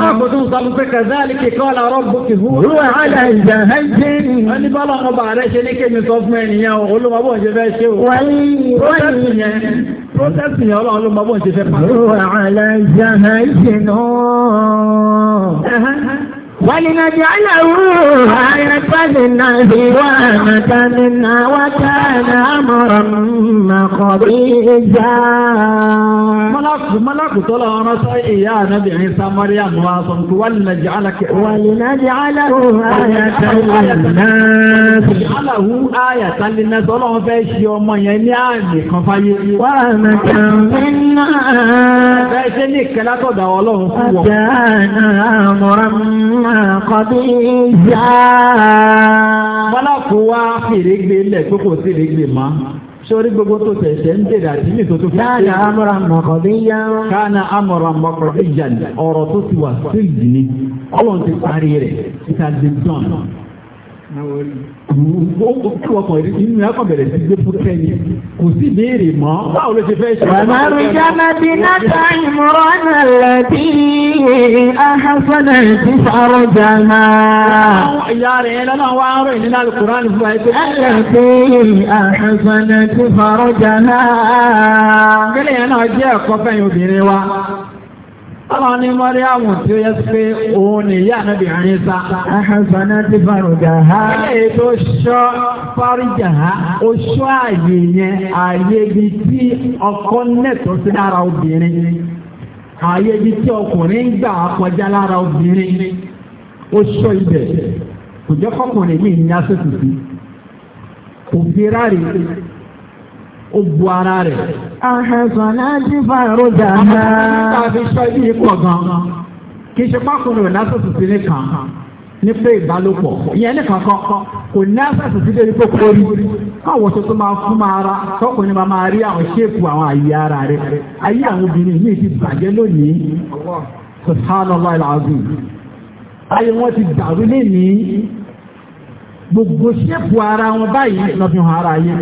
ọkùnrin sọ̀rọ̀ pé kàdá ní kí kọ́lá rọ̀bù kí huwa àlà ìjọba ìjìnà. wọ́n ní bọ́lá ọba rẹ̀ ṣe ní kémi sọ fún ẹnìyàn olùmọ̀bọ̀ ṣe ṣe o. wọ́n Protest yẹn ọlọ́run ló mọ bóun ṣe fẹ́ pa. ولنجعله آية للناس ورحمة منا وكان أمرا مقضيا ملاك طلع رسائي يا نبي عيسى مريم واصمت ولنجعلك ولنجعله آية للناس ولنجعله آية للناس ọlọ́run fẹ́ ṣe ọmọ yẹn ní àmì kan fáyé. ورحمة منا fẹ́ ṣe ní ìkẹ́lá tọ̀dà ọlọ́run fún wọn. وكان أمرا kọ́bíyà. Bọ́lá kò wá fèrègbè lẹ̀ tó kò sí règbè mọ́. Sori gbogbo tó tẹ̀sẹ̀ ń dèrè àti ní tuntun fún mi. Káàna amúra mọ̀kọ̀díyà. Káàna amúra mọ̀kọ̀díyà ọ̀rọ̀ tó ti wà sílì ní. Ọlọ́run ti parí rẹ̀. It has Ọkọ̀ inú ẹ̀kọ́ bẹ̀rẹ̀ sí gbé fún kẹ́ni, kò sí béèrè mọ́, báwo ló ṣe fẹ́ ṣe? Bàbáru jábá bí náta ìmọ̀ràn àlàbí ahásánà ti fàárọ̀ jàmá. Ìyá rẹ̀ ẹ̀ lọ́nà wá rọ̀ ìní láti Kùrán fún ẹgbẹ́. Àlàbí ahásánà ti fàárọ̀ jàmá. Gẹ́lẹ̀ yẹn náà jẹ́ ẹ̀kọ́ fẹ́yìn obìnrin wa. Àwọn ni Mọ́ríàmù tí ó yẹ sí pé òun ni ìyá náà bìnrin sá. Ahànsánà ti fàrùjà ha. Ilé tó ṣọ́ fàrùjà ha. Ó ṣọ́ àyè yẹn, àyè ibi tí ọkọ nẹ̀tọ́ sí lára obìnrin. Àyè ibi tí ọkùnrin gbà kọjá lára obìnrin. Ó ṣọ́ ibẹ̀. Kò jẹ́ kọkùnrin mi ní asẹ́sì sí. Kò fi ráre ó bu ara rẹ̀. àhẹ̀sán náà ti fa èròjà náà. àwọn ọmọ mi sọ ibi pọ̀ gan-an kì í ṣe pákùnrin rẹ̀ lásòsì sí nìkan ní pé ìbálòpọ̀ ìyẹn nìkan kan kò ní àṣàṣì sí débi tó kórí káwọn tó tó máa fún máa ra tọkùnrin máa máa rí àwọn ṣéèpù àwọn àyè ara rẹ̀ ayé àwọn obìnrin yìí ti bàjẹ́ lónìí subhanallah alazim ayé wọn ti dàrú lé gbogbo ṣéèpù ara wọn báyìí lọ ara yẹn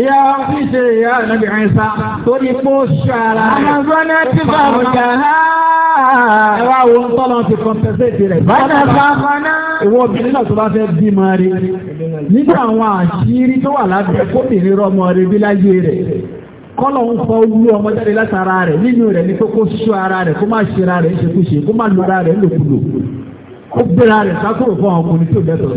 Ìyá fi ṣe ìyá ànábì Ìsá tó ní kó ṣàrà rẹ̀. Àwọn bọ́nà ti bá ọjà ha. Ẹ wá wo látara rẹ̀ nínú rẹ̀ ní kókó ṣú ara rẹ̀ kó má ṣe ara rẹ̀ ṣekúṣe kó má lu ara rẹ̀ lòkulò kó gbéra rẹ̀ sákòrò fún ọkùnrin tó bẹ́ẹ̀ sọ̀rọ̀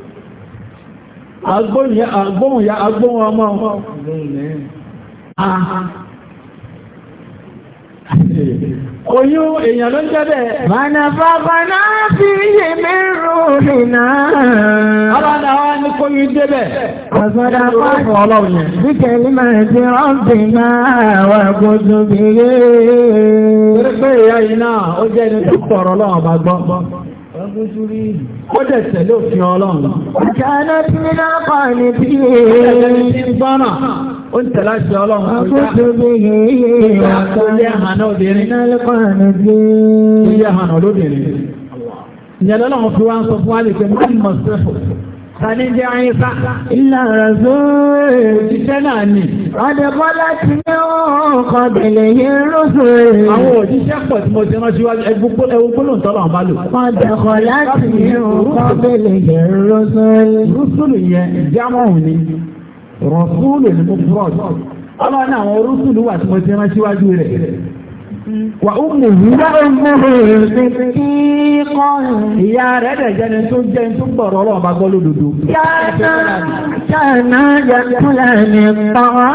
agbóhùn ya agbóhùn ọmọ ah. oyún èèyàn ló jẹ́bẹ̀ mana bàbá náà fi yè mẹ́rù nìna aláàdáwà ní kó yí débẹ̀ ọ̀sọ́dá pàpọ̀ ọlọ́run yẹn ní máa jẹ́ ọ́bìn náà wà gbójú bèèrè pé ìyá yìí náà ó jẹ́ tó pọ̀rọ̀ ó dẹ̀ tẹ̀lé òfin ọlọ́run. ìjànà tí mi náà kọ́ ni bí. ó dẹ̀ gbọ́nà ó ń tẹ̀lé àṣẹ ọlọ́run. àkókò mi yìí àkọ́ ilé àhànà obìnrin. ìnáwó kọ́ ni bí. ilé àhànà olóbìnrin. ìyẹn lọ́lọ́run fi wá ń sọ fún wa lè pe mọ́tì mọ́tì sẹ́fọ̀. Tani jẹ́ àyíká. Ìlànà sóòrè òjíṣẹ́ náà nì. Ọdẹ̀bọ́ láti ní ọkọ̀ bẹ̀lẹ̀ yẹn rọ́sọ̀rẹ̀. Àwọn òjíṣẹ́ pọ̀ tí mo ti rán síwájú ẹgbẹ́ gbólóǹtọ́lọ̀ ọ̀bá lò. Ọdẹ̀bọ́ láti ní ọkọ̀ bẹ̀lẹ̀ yẹn rọ́sọ̀rẹ̀. Rúsùlù yẹn jámọ̀hùn ni. Rọ̀sùlù ni mo búrọ̀. Ọlọ́run àwọn rúsùlù wà tí mo ti rán síwájú rẹ̀ wà ó mú un. wà ó mú un sí kọ́. ìyá rẹ̀ dẹ̀ jẹ́ni tó jẹ́ tó gbọ̀rọ̀ ọlọ́run bá gbọ́ lódodo. yàtọ̀ yàtúlẹ̀ ní tọ́wọ́.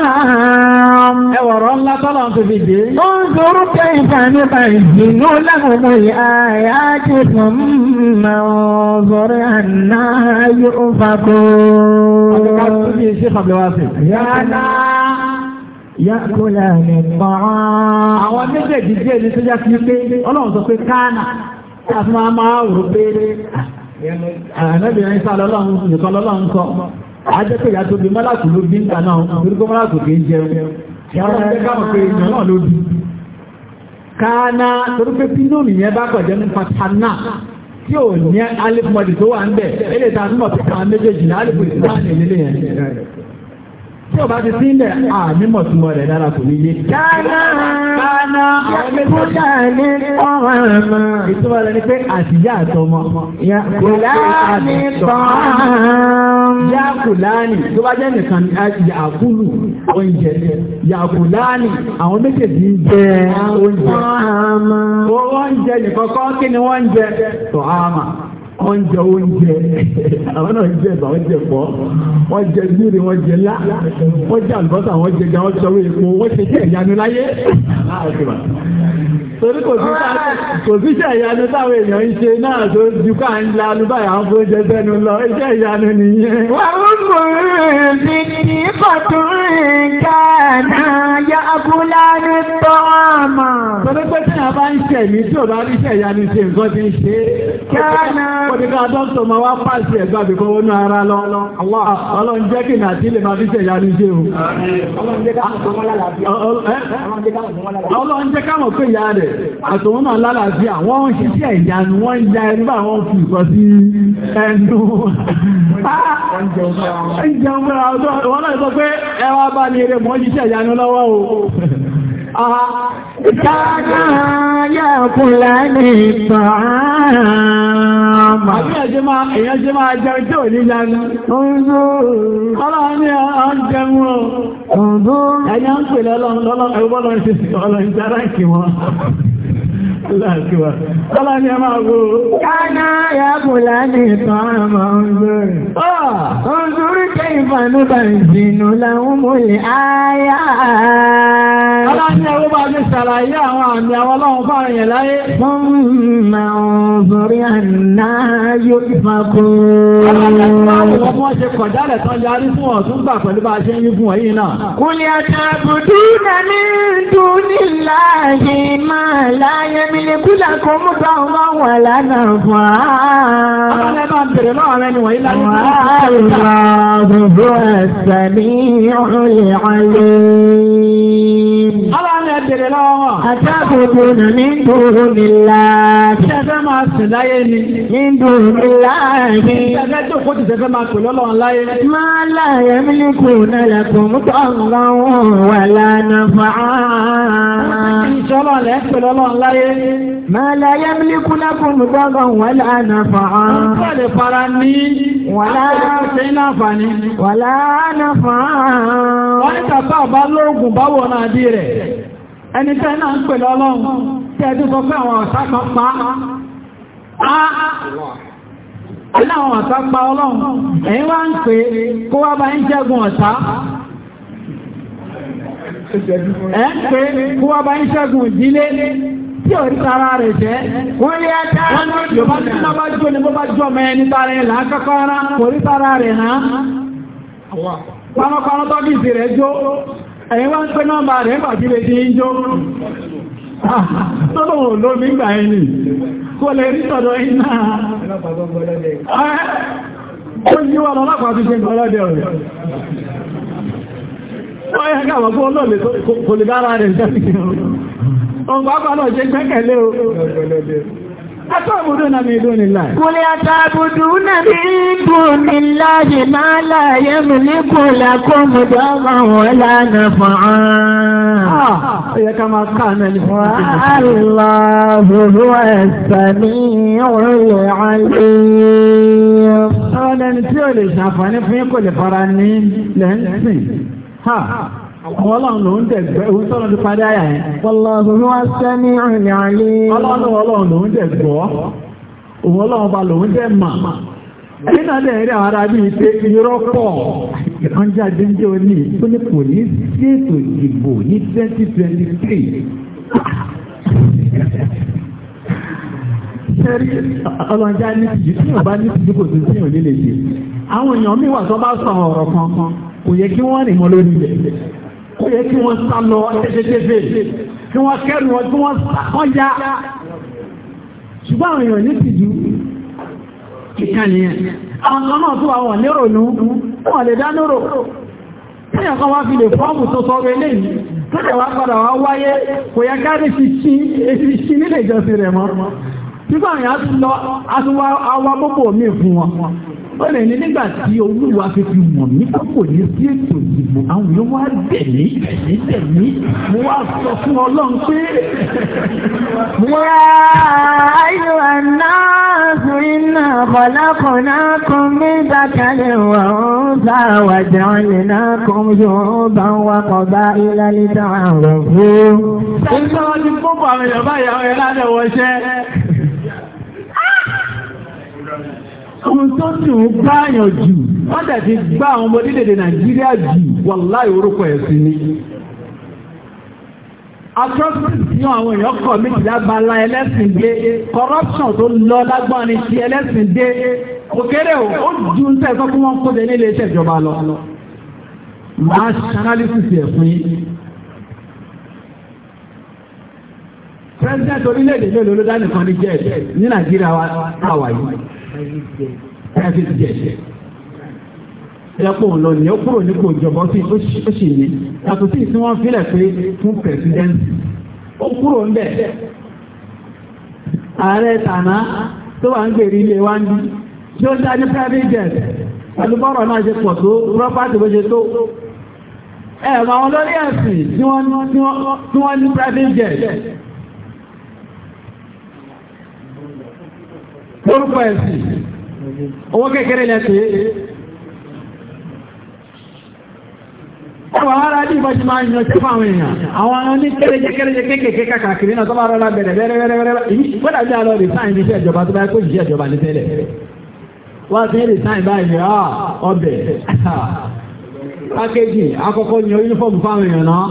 ẹ wọ̀rọ̀ ńlá tọ́lọ̀ ń tóbi dé. ó ń sọ̀rọ̀ pé ìfàmì bàjì ló lágùnmọ̀ ìyá ti fún mọ́ sọ̀rọ̀ àná yóò fà kó. àti ká tóbi ṣé kàbí wá sí. yàtọ̀. yàkúlà nìkan. àwọn méjèèjì díẹ̀ ní tó yá kí pé ọlọ́run sọ pé káànà fi máa máa rò pé ànábìrin sá lọ́lọ́run nìkan lọ́lọ́run sọ ajẹ́ pé ìyá bí mọ́làkù ló bí nígbà náà torí kó mọ́làkù jẹun káànà tí ò ní tó wà ń bẹ̀ méjèèjì ní tó wà tí ọba ti sílẹ̀ àmímọ̀ tí mọ̀ rẹ̀ dára kò ní yé. Dáná dáná ọ̀pẹ̀kúta ní ọ̀rọ̀ ẹ̀mọ́. Ìtumọ̀ rẹ̀ ni pé àtìyá àtọmọ. Ya kùláàní tán. Ya kùláàní tó bá jẹ́ nìkan yàkúlù oúnjẹ. Ya kùláàní àwọn méjèèjì ń jẹ oúnjẹ. Oúnjẹ nìkan kọ́ kí ni wọ́n ń jẹ? Tọ́ wọ́n jẹ oúnjẹ àwọn náà jẹ ẹ̀bà wọ́n jẹ pọ̀ wọ́n jẹ ziri wọ́n jẹ lá wọ́n jẹ àlùbọ́sà wọ́n jẹ gan wọ́n sọ̀rọ̀ èpo wọ́n ṣe jẹ́ ìyanu láyé. torí kò sí iṣẹ́ ìyanu táwọn èèyàn ń ṣe náà tó ju ká ń la alúbáyà ń fún oúnjẹ sẹ́nu lọ iṣẹ́ ìyanu nìyẹn. wà á mú mi ní kòtò ìkànnà yá abúlá ní tọ́ọ̀mà. torí pé tí a bá ń ṣẹ̀mí tí ò bá rí iṣẹ́ ìyanu ṣe nǹkan ti ń ṣe. kánà. Kọ̀díká dọ́tọ̀ ma wá pàṣẹ ẹ̀gbà bí kọ́ wọnú ara lọ. Ah, Ọlọ́run jẹ́ kí nà tí lè máa fi ṣẹ̀yà ní o. Ọlọ́run jẹ́ káwọn ah, pé ìyá rẹ̀ àtòun náà lálàáfíà. Wọ́n ń ṣiṣẹ́ ìyanu, wọ́n ya ẹni wọn fi ìkọ sí ẹnu. Ah, Ẹjẹun Ìtàkà yẹ́kùnlẹ̀ ní ìtààmà. Èyàn jẹ́ máa jẹun tí ò ní lẹ́nu. Oúnjẹ́ ọlọ́run ní ọ̀n jẹun ọ̀. Ẹ̀yà ń pè lọ́lọ́run ẹgbọ́lọ́run sí ọlọ́run jára ìkì wọn. Ọlọ́run ní ẹ máa wo. Káná yẹ́kùnlẹ̀ oúnjẹ́. Oúnjẹ́ كيف نبين لهم الآيات Ọlọ́ni ẹwọ́ bá ní ṣàlàyé àwọn àmì àwọn ọlọ́run fáwọn èèyàn láyé. Fún máa ń sọrí àná yóò ti kó. Ọlọ́ni bá ní wọ́n ṣe kọ̀jálẹ̀ tán yarí fún ọ̀tún gbà pẹ̀lú bá ṣe ń yí fún ẹ̀yìn náà. Kúnlẹ̀ àtàbùdú nàmí dùn هو السميع العليم أتعبدون من دون الله من دون الله ما لا يملكون لكم ضرا ولا نفعا ما لا يملك لكم ضرا ولا نفعا ولا نفعا Wàlá náà fún Wọ́n ọba lóògùn rẹ̀. Ẹni tẹ́ náà ń pèlú ọlọ́run tí ẹdú sọ pé àwọn ọ̀sá kan pa á. Aláwọn ọ̀tá pa ọlọ́run, ẹ̀yin wá ń pè kó wá ọ̀tá. Ẹ ń pè kó wá bá ń ìdílé tí ò rí rẹ̀ jẹ́. Wọ́n rí Pánọ́pánọ́ tó bí rẹ̀ jó, ẹ̀yìn wá ń pẹ́ nọ́mbà rẹ̀ ń pàtí lè dín jó. Tọ́lọ̀ olómi gbà ẹni, kó lè rí sọ̀dọ̀ iná. Ó yí wà lọ́lọ́pàá أتعبدون من دون الله قل أتعبدون من دون الله ما لا يملك لكم ضرا ولا نفعا كما كان الله هو السميع العليم أنا نسيولي شافاني فين كل فرانين لهنسين ها Ọlọ́run ló ń dẹ̀gbẹ́, òun tọ́lọ́ ti parí àyà yẹn. Wallahu as-sami'ul 'alim. Ọlọ́run ọlọ́run ló ń dẹ̀gbọ́, òun ọlọ́run ba lòun dẹ̀ mà. Nínú ọdẹ eré àwọn ará bíi irọ́ pọ̀, tó ní kò ní sí ètò ìdìbò ní 2023. ní tí ó yẹ kí wọ́n sá lọ tẹ́tẹ́tẹ́fẹ́ kí wọ́n kẹ́rù wọn kí wọ́n sá kọjá ṣùgbọ́n àwọn èèyàn ní tìjú kíkà nìyẹn àwọn kan náà tó wà wọ̀n lérò nú wọ́n lè dá lóró Tíyàn kan wá fi lè fọ́ọ̀mù tó sọ́rọ̀ ilé yìí, tó jẹ wá padà wá wáyé, kò ó lè ní nígbà tí olúwa fi fi mọ̀ mí kó kò ní sí ètò ìdìbò àwọn yóò wá dẹ̀mí dẹ̀mí dẹ̀mí mo wá sọ fún ọlọ́run pé. wá ayò àná iná kọ̀lákọ̀lá kan mí dákàlẹ̀ wà ó sá àwàjà ọ̀lẹ́nà kan yóò bá wa kọ̀ bá ilé lítà àrùn fún. ṣé ṣé wọ́n àwọn èèyàn báyà ọ̀rẹ́ lálẹ́ wọṣẹ́. ohun tó sì ń gbáàyàn jù wọ́n dẹ̀ ti gbá àwọn ọmọ orílẹ̀-èdè nàìjíríà jù wàláì orúkọ ẹ̀sìn ni atrocities yan àwọn èèyàn kọ̀ mí lágbàlá ẹlẹ́sìn dé corruption tó lọ lágbọ́n ni ti ẹlẹ́sìn dé òkèrè ò ó ju ń tẹ́ ẹ̀kọ́ kí wọ́n kó de nílé iṣẹ́ ìjọba lọ. máa ṣanálísìsì ẹ̀ fún yín. president orílẹ̀-èdè mélòó ló dá nìkan ní jẹ́ ní nàìjíríà wa táwa yìí. káyé jẹ ẹ̀pọ̀ ọ̀nà ni ó kúrò o si ó sì ní yàtọ̀ sí tí fílẹ̀ pé fún pẹ̀sidẹ́ntì ó kúrò ń bẹ̀ ààrẹ tàná tó wà ń gbèrè ilé wa private jet náà ṣe pọ̀ tó bó ṣe tó private jet lórúkọ ẹ̀sìn owó kékeré lẹ́sẹ̀ ọwọ́ ara ní ìbájú máa ń yànjẹ́ fún àwọn èèyàn àwọn ará ní kéréje pákéjì akọ́kọ́ yan uniform fáwọn èèyàn náà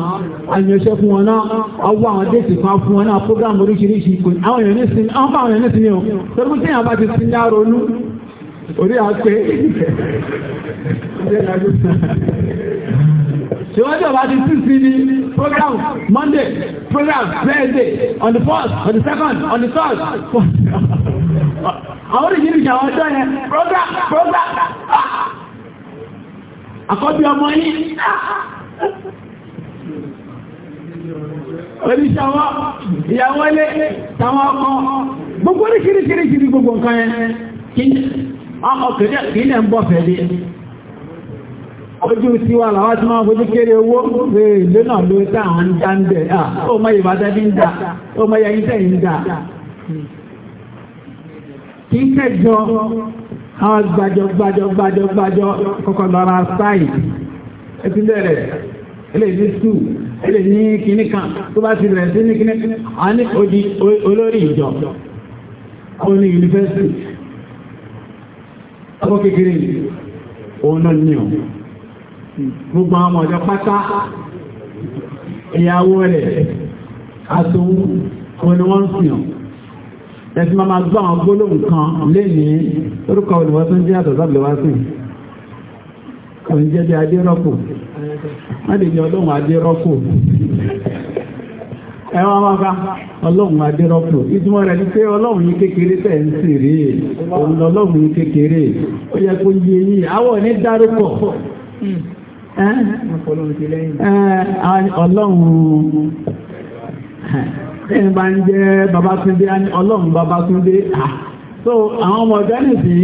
àyànṣẹ́ fún wọn náà ọwọ́ àwọn déètì kan fún wọn náà program oríṣiríṣi àwọn èèyàn ní sinmi àwọn fáwọn èèyàn ní sinmi o tẹ́lifù tí èèyàn bá ti sin dáàrọ̀ olú orí àpé ṣèwádìí ọba ti tún sí ní program Monday program Wednesday on the first on the second on the third àwọn oríṣiríṣi àwọn ọjọ́ yẹn program program ah. àkọ́bí ọmọ yìí oníṣàwọ́ ìyàwó ilé tàwọn ọkọ̀ gbogbo ní gbogbo nǹkan yẹn ọkọ̀ kìrìkìrì ń bọ̀ fẹ̀lẹ̀ ojú tí wà láwá tí máa fojú kéré owó lè náà ló tàà ń dá ń bẹ̀ ń dá àwọn gbàjọ gbàjọ gbàjọ gbàjọ kọ́kọ́ lọ́ra sáì ẹtí bẹ̀rẹ̀ eléyìí sù eléyìí ní kíní kan tó bá ti bẹ̀rẹ̀ sí ní kíní a ní odi olórí ìjọ ó ní yunifásitì ọkọ̀ kékeré òun náà ní ọ̀ gbogbo àwọn ọ̀dọ́ pátá ìyàwó rẹ̀ àtòun òun ni wọ́n ń sìn ọ̀ ẹ̀sì máa máa gbọ́ àwọn gbólóhùn kan lénìí orúkọ olùwọ́ tó ń jẹ́ àtọ̀ sábẹ̀wásìn kò ń jẹ́ bí adérọ́pò wọ́n lè ní ọlọ́run adérọ́pò ẹwà máa bá ọlọ́run adérọ́pò ìtumọ̀ rẹ̀ ní pé ọlọ́run yìí kékeré tẹ̀ ń sì rí òun ọlọ́run yìí kékeré ó yẹ kó yé yìí àwọ̀ ní dárúkọ ọlọ́run ẹni bá ń jẹ́ Babátúndé ọlọ́run Babátúndé ah, so àwọn ọmọ ọ̀dọ́ nìsí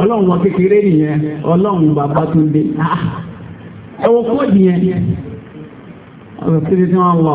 ọlọ́run wọn kékeré nìyẹn ọlọ́run Babátúndé ah, ẹwọ kóòdì yẹn ọ̀rọ̀ kiri tí wọ́n lọ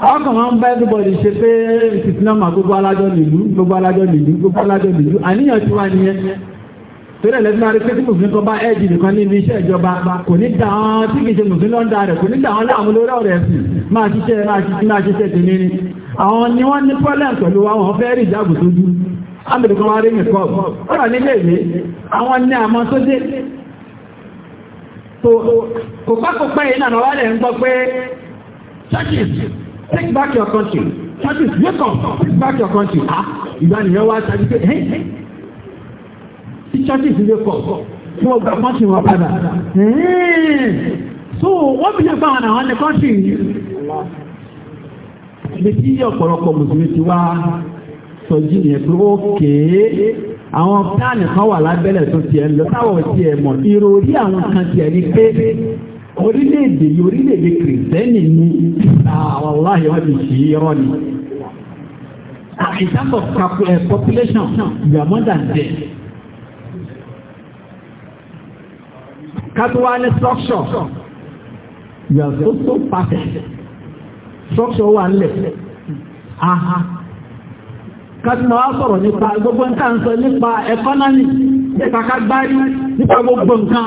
ọkàn máa ń bá everybody ṣe pé ìtìtìlámà gbogbo alájọ́ nìlú gbogbo alájọ́ nìlú gbogbo alájọ́ nìlú àníyàn tí wà nìyẹn torí ẹ̀lẹ́sìn máa rí pé tí mùsùlùmí kan bá ẹ́ẹ̀dì nìkan ibi iṣẹ́ ìjọba kò ní dà wọ́n tí kì í ṣe mùsùlùmí rẹ̀ kò ní dà wọ́n láàmú lórí ọ̀rẹ́ ẹ̀sìn máa àwọn ni wọ́n ní pẹ̀lú rí tó dú wá rí àwọn ní take back your country churches wake up take back your country ah ìgbàniyàn wá ṣáájú pé Hey, hey. churches wake up tí wọ́n gba country wọn padà so wọ́n fi ṣe báwọn àwọn ní country ibi tí ọ̀pọ̀lọpọ̀ mùsùlùmí ti wá sọjí yẹn pé ó kéé àwọn pílánì kan wà lábẹ́lẹ̀ tó tiẹ̀ lọ táwọn tiẹ̀ mọ̀ ìròrí àwọn kan tiẹ̀ ní pé orílẹ̀-èdè yìí orílẹ̀-èdè kìrìsìtẹ́nì ni àwọn ah, aláhìí wọ́n ti ṣe é rọ́ ni. Ah, in terms of eh, population we are more than there. katuwale structure we are also perfect structure wà lẹ̀ aha katuwa wa sọ̀rọ̀ nípa gbogbo nǹkan sọ nípa economy nípa kágbárí nípa gbogbo nǹkan.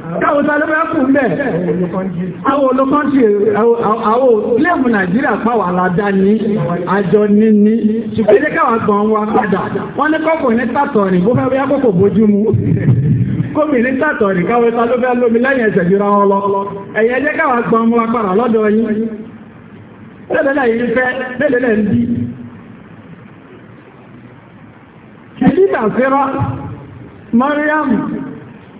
káwọn tó alẹ́fẹ́ kù mẹ́ àwọn olókọ́ntì àwọn olóòmù nàìjíríà pàwà aládá ní àjọ níní ṣùgbọ́n káwọn gbọ́n wa padà wọ́n ní kọ́kọ́ ní tàtọ̀rì bó fẹ́ bójú mu kómi ní tàtọ̀rì káwọn tó alẹ́fẹ́ lómi lẹ́yìn ẹsẹ̀ jura wọn lọ ẹ̀yẹ jẹ́ káwọn gbọ́n wa padà lọ́dọ̀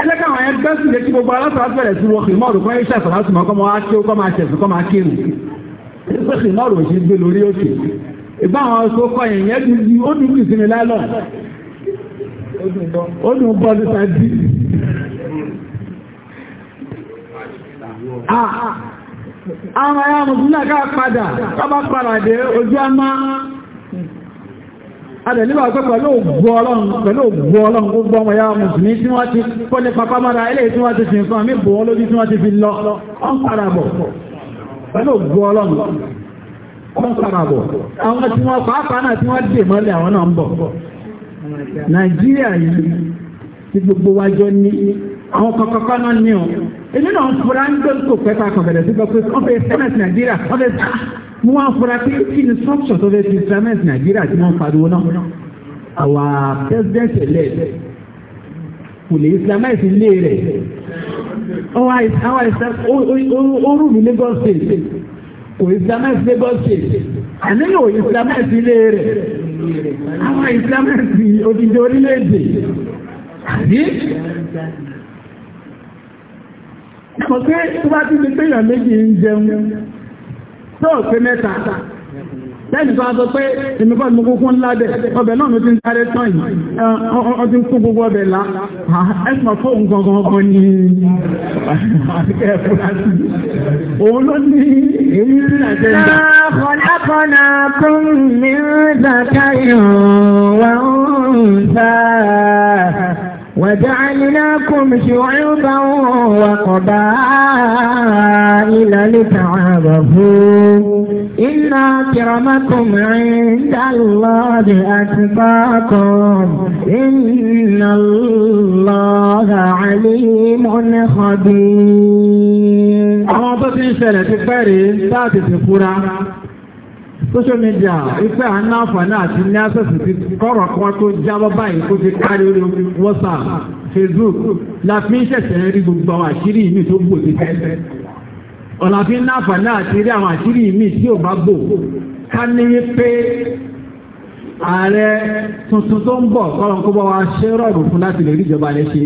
ẹlẹ́ka àwọn ẹgbẹ́ sì lè kí gbogbo alátàá bẹ̀rẹ̀ sí wọ́n kìmọ́ọ̀rù kọ́ iṣẹ́ àtàlátù máa kọ́ máa kí ó kọ́ máa ṣẹ̀sùn kọ́ máa kírù ẹgbẹ́ kìmọ́ọ̀rù ò ṣe gbé lórí òkè ìgbà àwọn ọkọ̀ kọ́ ìyẹn ti di ó dùn kìí sinmi lálọ́ ó dùn bọ́ ní sáájú. àwọn ẹ̀yà mùsùlùmí náà padà ká bá padà dé ojú á máa adẹ̀ nígbà pé pẹ̀lú ògbó ọlọ́run pẹ̀lú ògbó ọlọ́run gbogbo ọmọ ya mùsùlùmí tí wọ́n ti kọ́ ní papá mara ilé tí wọ́n ti fi nǹkan mí bò wọ́n lójú tí wọ́n ti fi lọ ọ́n padà bọ̀ pẹ̀lú ògbó ọlọ́run ọ́n padà bọ̀ àwọn tí wọ́n pàápàá náà tí wọ́n dè mọ́lẹ̀ àwọn náà ń bọ̀ nàìjíríà yìí ti gbogbo wájọ́ ní àwọn kọ̀kọ̀kọ́ náà ní ọ̀ mo wá fura pé kí ni structure tó fẹ́ fi cement nàìjíríà tí wọ́n pariwo náà àwa president elect kò lè cement ilé rẹ̀ ó rù mí Lagos state kò cement Lagos state àníyàn ò cement ilé rẹ̀ àwa cement odidi orílẹ̀-èdè àbí mo pé tó bá ti di pé èèyàn méjì ń jẹun tó pé mẹ́ta lẹ́yìn tó a sọ pé ìmúkọ́ ni mo kúkú ńlá dẹ̀ ọbẹ̀ náà ló ti ń sáré tán yìí ọ ti ń kú gbogbo ọbẹ̀ lá ẹ̀sùn fóun gangan ọkàn ní òun ló ní èyí sí àjẹjẹ. Ọ̀pọ̀lọpọ̀lá kún mi ń zàkàyàn wà ń ta. وجعلناكم شعوبا وقبائل لتعارفوا إن أكرمكم عند الله أتقاكم إن الله عليم خبير. أعطتني سنة تفري ساتة فورا social media ife à ń ná àǹfààní àti ní access ti kọ̀rọ̀ kan tó jábọ́ báyìí kó ti kárí orí whatsapp facebook la fi ń ṣẹ̀ṣẹ̀ rí gbogbo àwọn àṣírí ìmí tó gbò ti tẹ́lẹ̀ ọ̀la fi ń ná àǹfààní àti rí àwọn àṣírí ìmí tí ò bá gbò ká ní wípé ààrẹ tuntun tó ń bọ̀ kọ́lọ́n kó bá wa ṣe rọrùn fún láti lè rí ìjọba rẹ̀ ṣe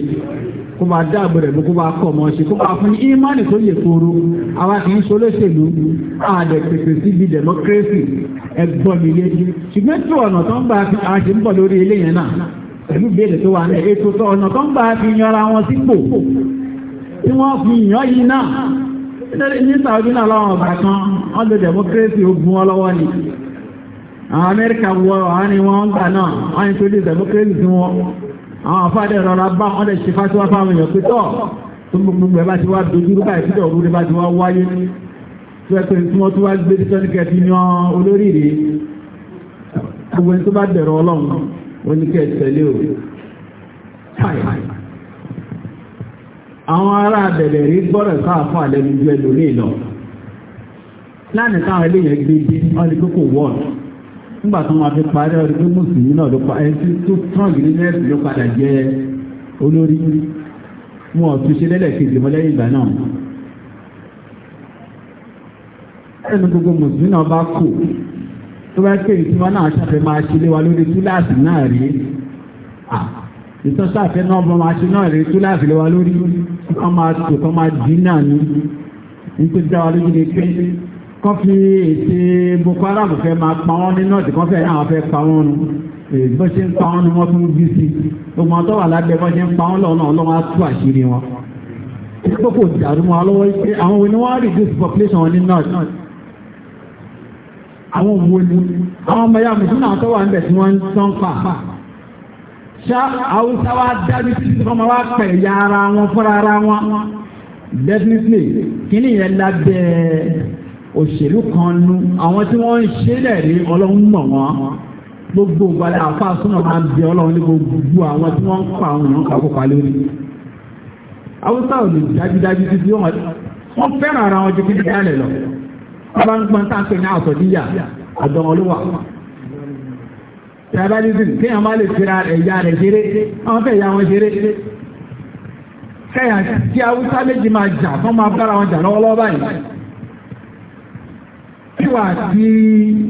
kụba máa dáàbò rẹ̀ kó máa kọ́ ọmọ fún ní tó yẹ kóró àwa kì í ṣolóṣèlú àdẹ̀ pèpè síbi democracy ẹ̀gbọ́n mi létí ṣùgbọ́n tí ọ̀nà tó ń gbà fi àṣẹ ń bọ̀ lórí eléyẹn náà pẹ̀lú ìbéèrè tó wà ní ètò tó ọ̀nà tó kan wọ́n lo democracy ogun ni àwọn Amẹ́ríkà wọ àwọn ni wọ́n ń gbà náà wọ́n ń àwọn àfáàdẹ̀ rọra bá ọ́n lẹ̀ ṣe fásitì wá fáwọn èèyàn pé tọ́ tó gbogbo ẹ̀ bá ti wá dojú rúbà ìpínlẹ̀ òru rẹ̀ bá ti wá wáyé tó ẹ pé tí wọ́n tó wá gbé tí sọ́nìkẹ́ ti yan olórí rèé gbogbo ẹni tó bá bẹ̀rù ọlọ́run oníkẹ́ tẹ̀lé o àwọn ará abẹ̀rẹ̀ rí gbọ́dọ̀ sáà fún àlẹ́nu ju ẹlòmíì lọ láàrín táwọn eléyàn gbé dé ọ́n ní kókò wọ́ọ̀dù nígbà tó máa fi parí ọdún pé mùsùlùmí náà ló pa ẹni tó strong nínú ẹ̀sìn ló padà jẹ olórí wọn ò tún ṣe lẹ́lẹ̀kejì mọ́ lẹ́yìn ìgbà náà ẹnu gbogbo mùsùlùmí náà bá kù tó bá pè tí wọn náà ṣàfẹ́ máa ṣe lé wa lórí túláàsì náà rí ìtọ́ ṣàfẹ́ náà bọ́ máa ṣe náà rí túláàsì lé wa lórí kọ́ máa tò kọ́ máa dín náà ní nítorí dáwà lójú ni pé kan fi ètè Boko Haram fẹ́ ma pa wọ́n ní nọ́ọ̀tì kan fẹ́ àwọn fẹ́ pa wọ́n nu bó ṣe ń pa wọ́n ni wọ́n tún bí sí gbogbo àwọn tó wà lábẹ́ bó ṣe ń pa wọ́n lọ́wọ́ náà lọ́wọ́ á tú àṣírí wọn. ìpínlẹ̀ kò dàrú mọ́ lọ́wọ́ pé àwọn wo ni wọ́n á reduce population wọn ní nọ́ọ̀tì. àwọn wo ni àwọn ọmọ ya mùsùlùmí àwọn tó wà ń bẹ̀ tí wọ́n ń tán pa. ṣá haúsá wa dábí títí kọ́mọ wa pẹ̀ ya ara wọn fúnra ara wọn definitely kí ni ìyẹn lábẹ́ òṣèlú kan nú àwọn tí wọ́n ń ṣe lẹ́rí ọlọ́run mọ̀ wọ́n gbogbo ìgbàlẹ̀ àfa súnà máa ń bẹ ọlọ́run ní gbogbo àwọn tí wọ́n ń pa àwọn èèyàn kàkó pa lórí. haúsá ò lè dájúdájú títí wọ́n fẹ́ràn ara wọn ju kí dídá lẹ̀ lọ. bàbá ń gbọ́n tá a pè ní àsọdíyà àdán olúwa. tribalism kéèyàn má lè fira ẹ̀yà rẹ̀ ṣeré àwọn fẹ́ ìyá wọn ṣeré. kẹ́yà tí haúsá méjì máa jà fún máa bára wọn jà lọ́wọ́lọ́wọ́ báyìí sì wà tí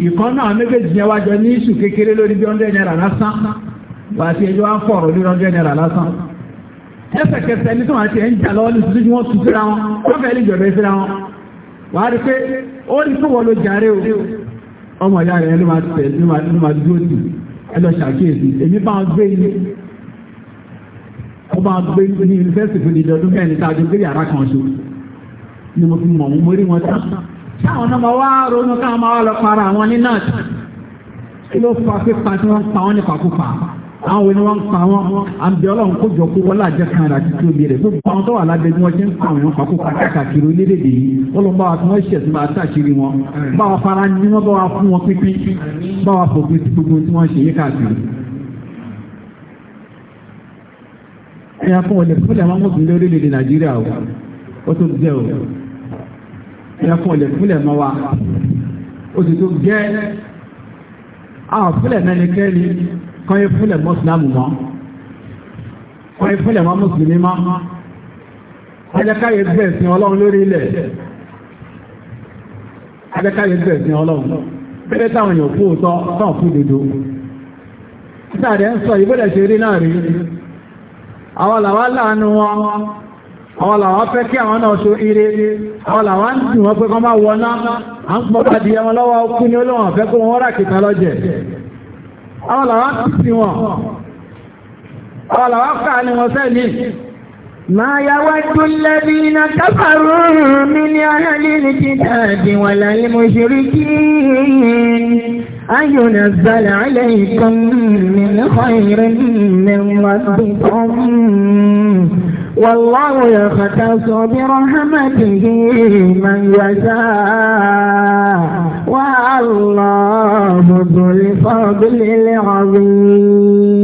ìkan náà méjèèjì yẹn wájọ ní ìṣù kékeré lórí bí hundred naira lásán wà sí ẹjọ́ wá ń fọ̀rọ̀ lórí hundred naira lásán ẹsẹ̀kẹsẹ̀ ní sọ̀rọ̀ àti ẹ̀ ń jà lọ́wọ́ ní tuntun tí wọ́n tu síra wọn wọ́n fẹ́ẹ́ lè jọ̀bẹ́ síra wọn wà á rí pé ó rí fún wọn ló jàre ni mo fi mọ̀ táwọn ọmọ wá ronú káwọn máa wá lọ para àwọn ní náà kí ló fa pípa tí wọ́n ń pa wọ́n nípa púpa àwọn wo ni wọ́n ń pa wọ́n àbí ọlọ́run kó jọ kó wọ́n láàjẹ́ kan rà títí omi rẹ̀ gbogbo àwọn tó wà lábẹ́ bí wọ́n ṣe ń pa àwọn ìpa púpa káàkiri orílẹ̀-èdè yìí ọlọ́run báwa tí wọ́n ṣẹ̀ sí máa tàṣírí wọn báwa fara ní wọ́n báwa fún wọn pínpín báwa fòpin sí gbogbo ẹ̀kùn olè fúnlẹ̀ mọ́ wa ó ti tó gẹ́ àwọn fúnlẹ̀ mẹ́nikẹ́ni kan yẹ fúnlẹ̀ mọ́ sílámù mọ́ kan yẹ fúnlẹ̀ mọ́ mùsùlùmí mọ́ ajẹ́káyé bẹ̀ẹ̀ sí ọlọ́run lórí ilẹ̀ ajẹ́káyé bẹ̀ẹ̀ sí ọlọ́run bẹ́ẹ̀ táwọn èèyàn fún òótọ́ táwọn fún dodo sáàrẹ̀ ń sọ ìbẹ̀rẹ̀ ṣe rí náà rí àwọn làwọn láàánú wọn àwọn làwọn fẹ́ kí àwọn náà so ire àwọn làwọn ń dùn wọn pé kọ́ máa wọná à ń pọ́ bá di ẹmọ lọ́wọ́ kú ní olóhàn fẹ́ kó wọn rà kìtà lọ́jẹ̀ àwọn làwọn ti sí wọn àwọn làwọn fẹ́ àní wọn sẹ́ni ما يود الذين كفروا من أهل الكتاب ولا المشركين أن ينزل عليكم من خير من ربكم والله يختص برحمته من يشاء والله ذو الفضل العظيم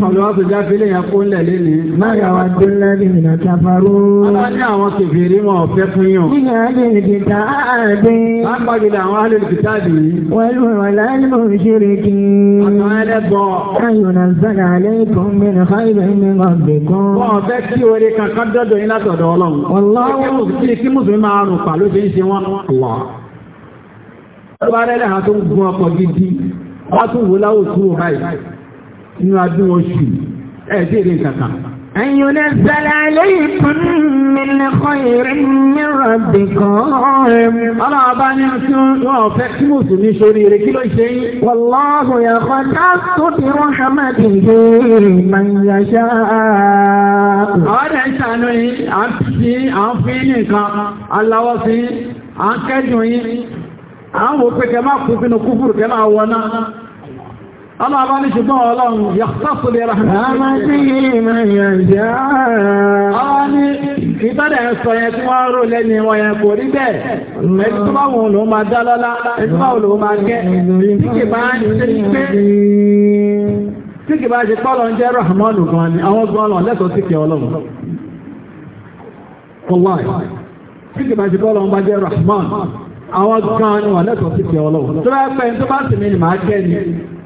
sọ̀lọ́wọ́sọ̀ jáfílé yẹn kó lẹ̀ lẹ́ni. Máyà wa tó lẹ́ni ìrìnà tafarú. Aláàdé àwọn kèfèrí mọ̀ ọ̀fẹ́ fún yàn. Nígbà àdéhùn kìtà àdé. Lágbàgbèdè àwọn àlè kìtà dì í. Wẹ́lú wàlá nínú ìṣeré kí. Àtàwọn ẹlẹ́bọ̀. Ayò náà sọ̀rọ̀ alẹ́ kan mẹ́rin káyọ̀ ẹ̀mí kan bẹ̀ kan. Wọ́n ọ̀fẹ́ kí oore kankan dọ́dọ̀ yín látọ̀dọ̀ Ọlọ́run. Wọ́n lọ́wọ́ nínú adún oṣù ẹ̀ẹ́dẹ́ ìrìn kankan. Ẹ̀yùn lè sẹ́lẹ̀ aléìkún nílẹ̀ kọ́ ìrìn ní rọ̀bì kan. Ọlọ́wọ́ bá ní ọtí wọn fẹ́ kí Mùsùlùmí sórí eré kí ló ṣe yí. Wàláhù yàkọ̀ wọ́n ṣe Ọlọ́ọ̀bá ní ṣùgbọ́n ọlọ́run yàtọ́sù lè ràn án sí ìmọ̀ ìyànjá. Ọwọ́ ní ìtọ́dẹ̀ ń sọ yẹn tí wọ́n rò lẹ́ni wọn yẹn kò rí bẹ́ẹ̀. Ẹni tó bá wọn lòun máa dá lọ́lá, ẹni tó bá wọn lòun máa gẹ́. Tí kì bá ń ṣe pé tí kì bá ṣe pọ́lọ̀ ń jẹ́ Rahmanu gan ni àwọn gan lọ lẹ́tọ̀ọ́ lẹ́tọ̀ọ́ sí kì ọlọ́run. Tó bá pẹ́ tó bá sì mí ni màá jẹ́ ni.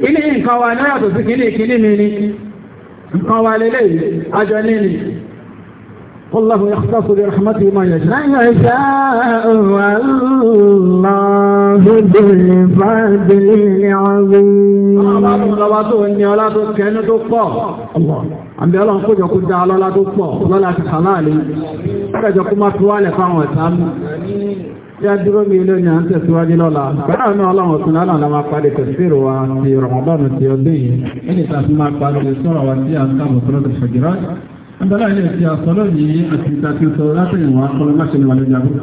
ilé nǹkan wa náà tó sí kìíní kìíní mi ni nǹkan wa lélẹ̀ àjọ nínú والله يختص برحمته من يشاء والله ذو الفضل العظيم ọlọ́wọ́ tó ní ọlá tó kẹnu tó pọ̀ àbí ọlọ́run kó Tí a dúró mi ló ní à ń tẹ̀síwájú lọ́la. Bẹ́ẹ̀ ni ọlọ́run tún lálàá la máa parí tẹ̀síìrì wa ti Ramadan ti ọdún yìí. Ẹni tí a fi máa parí sọ̀rọ̀ wa tí a ń kàbọ̀ sọ́rọ̀ tó ṣàgìrá. Ẹgbẹ́lá ilé ti àsọ̀lọ́ yìí àti ìta tí ó sọ látẹ̀yìnwá kọ́lọ́ máṣe ní wàlejò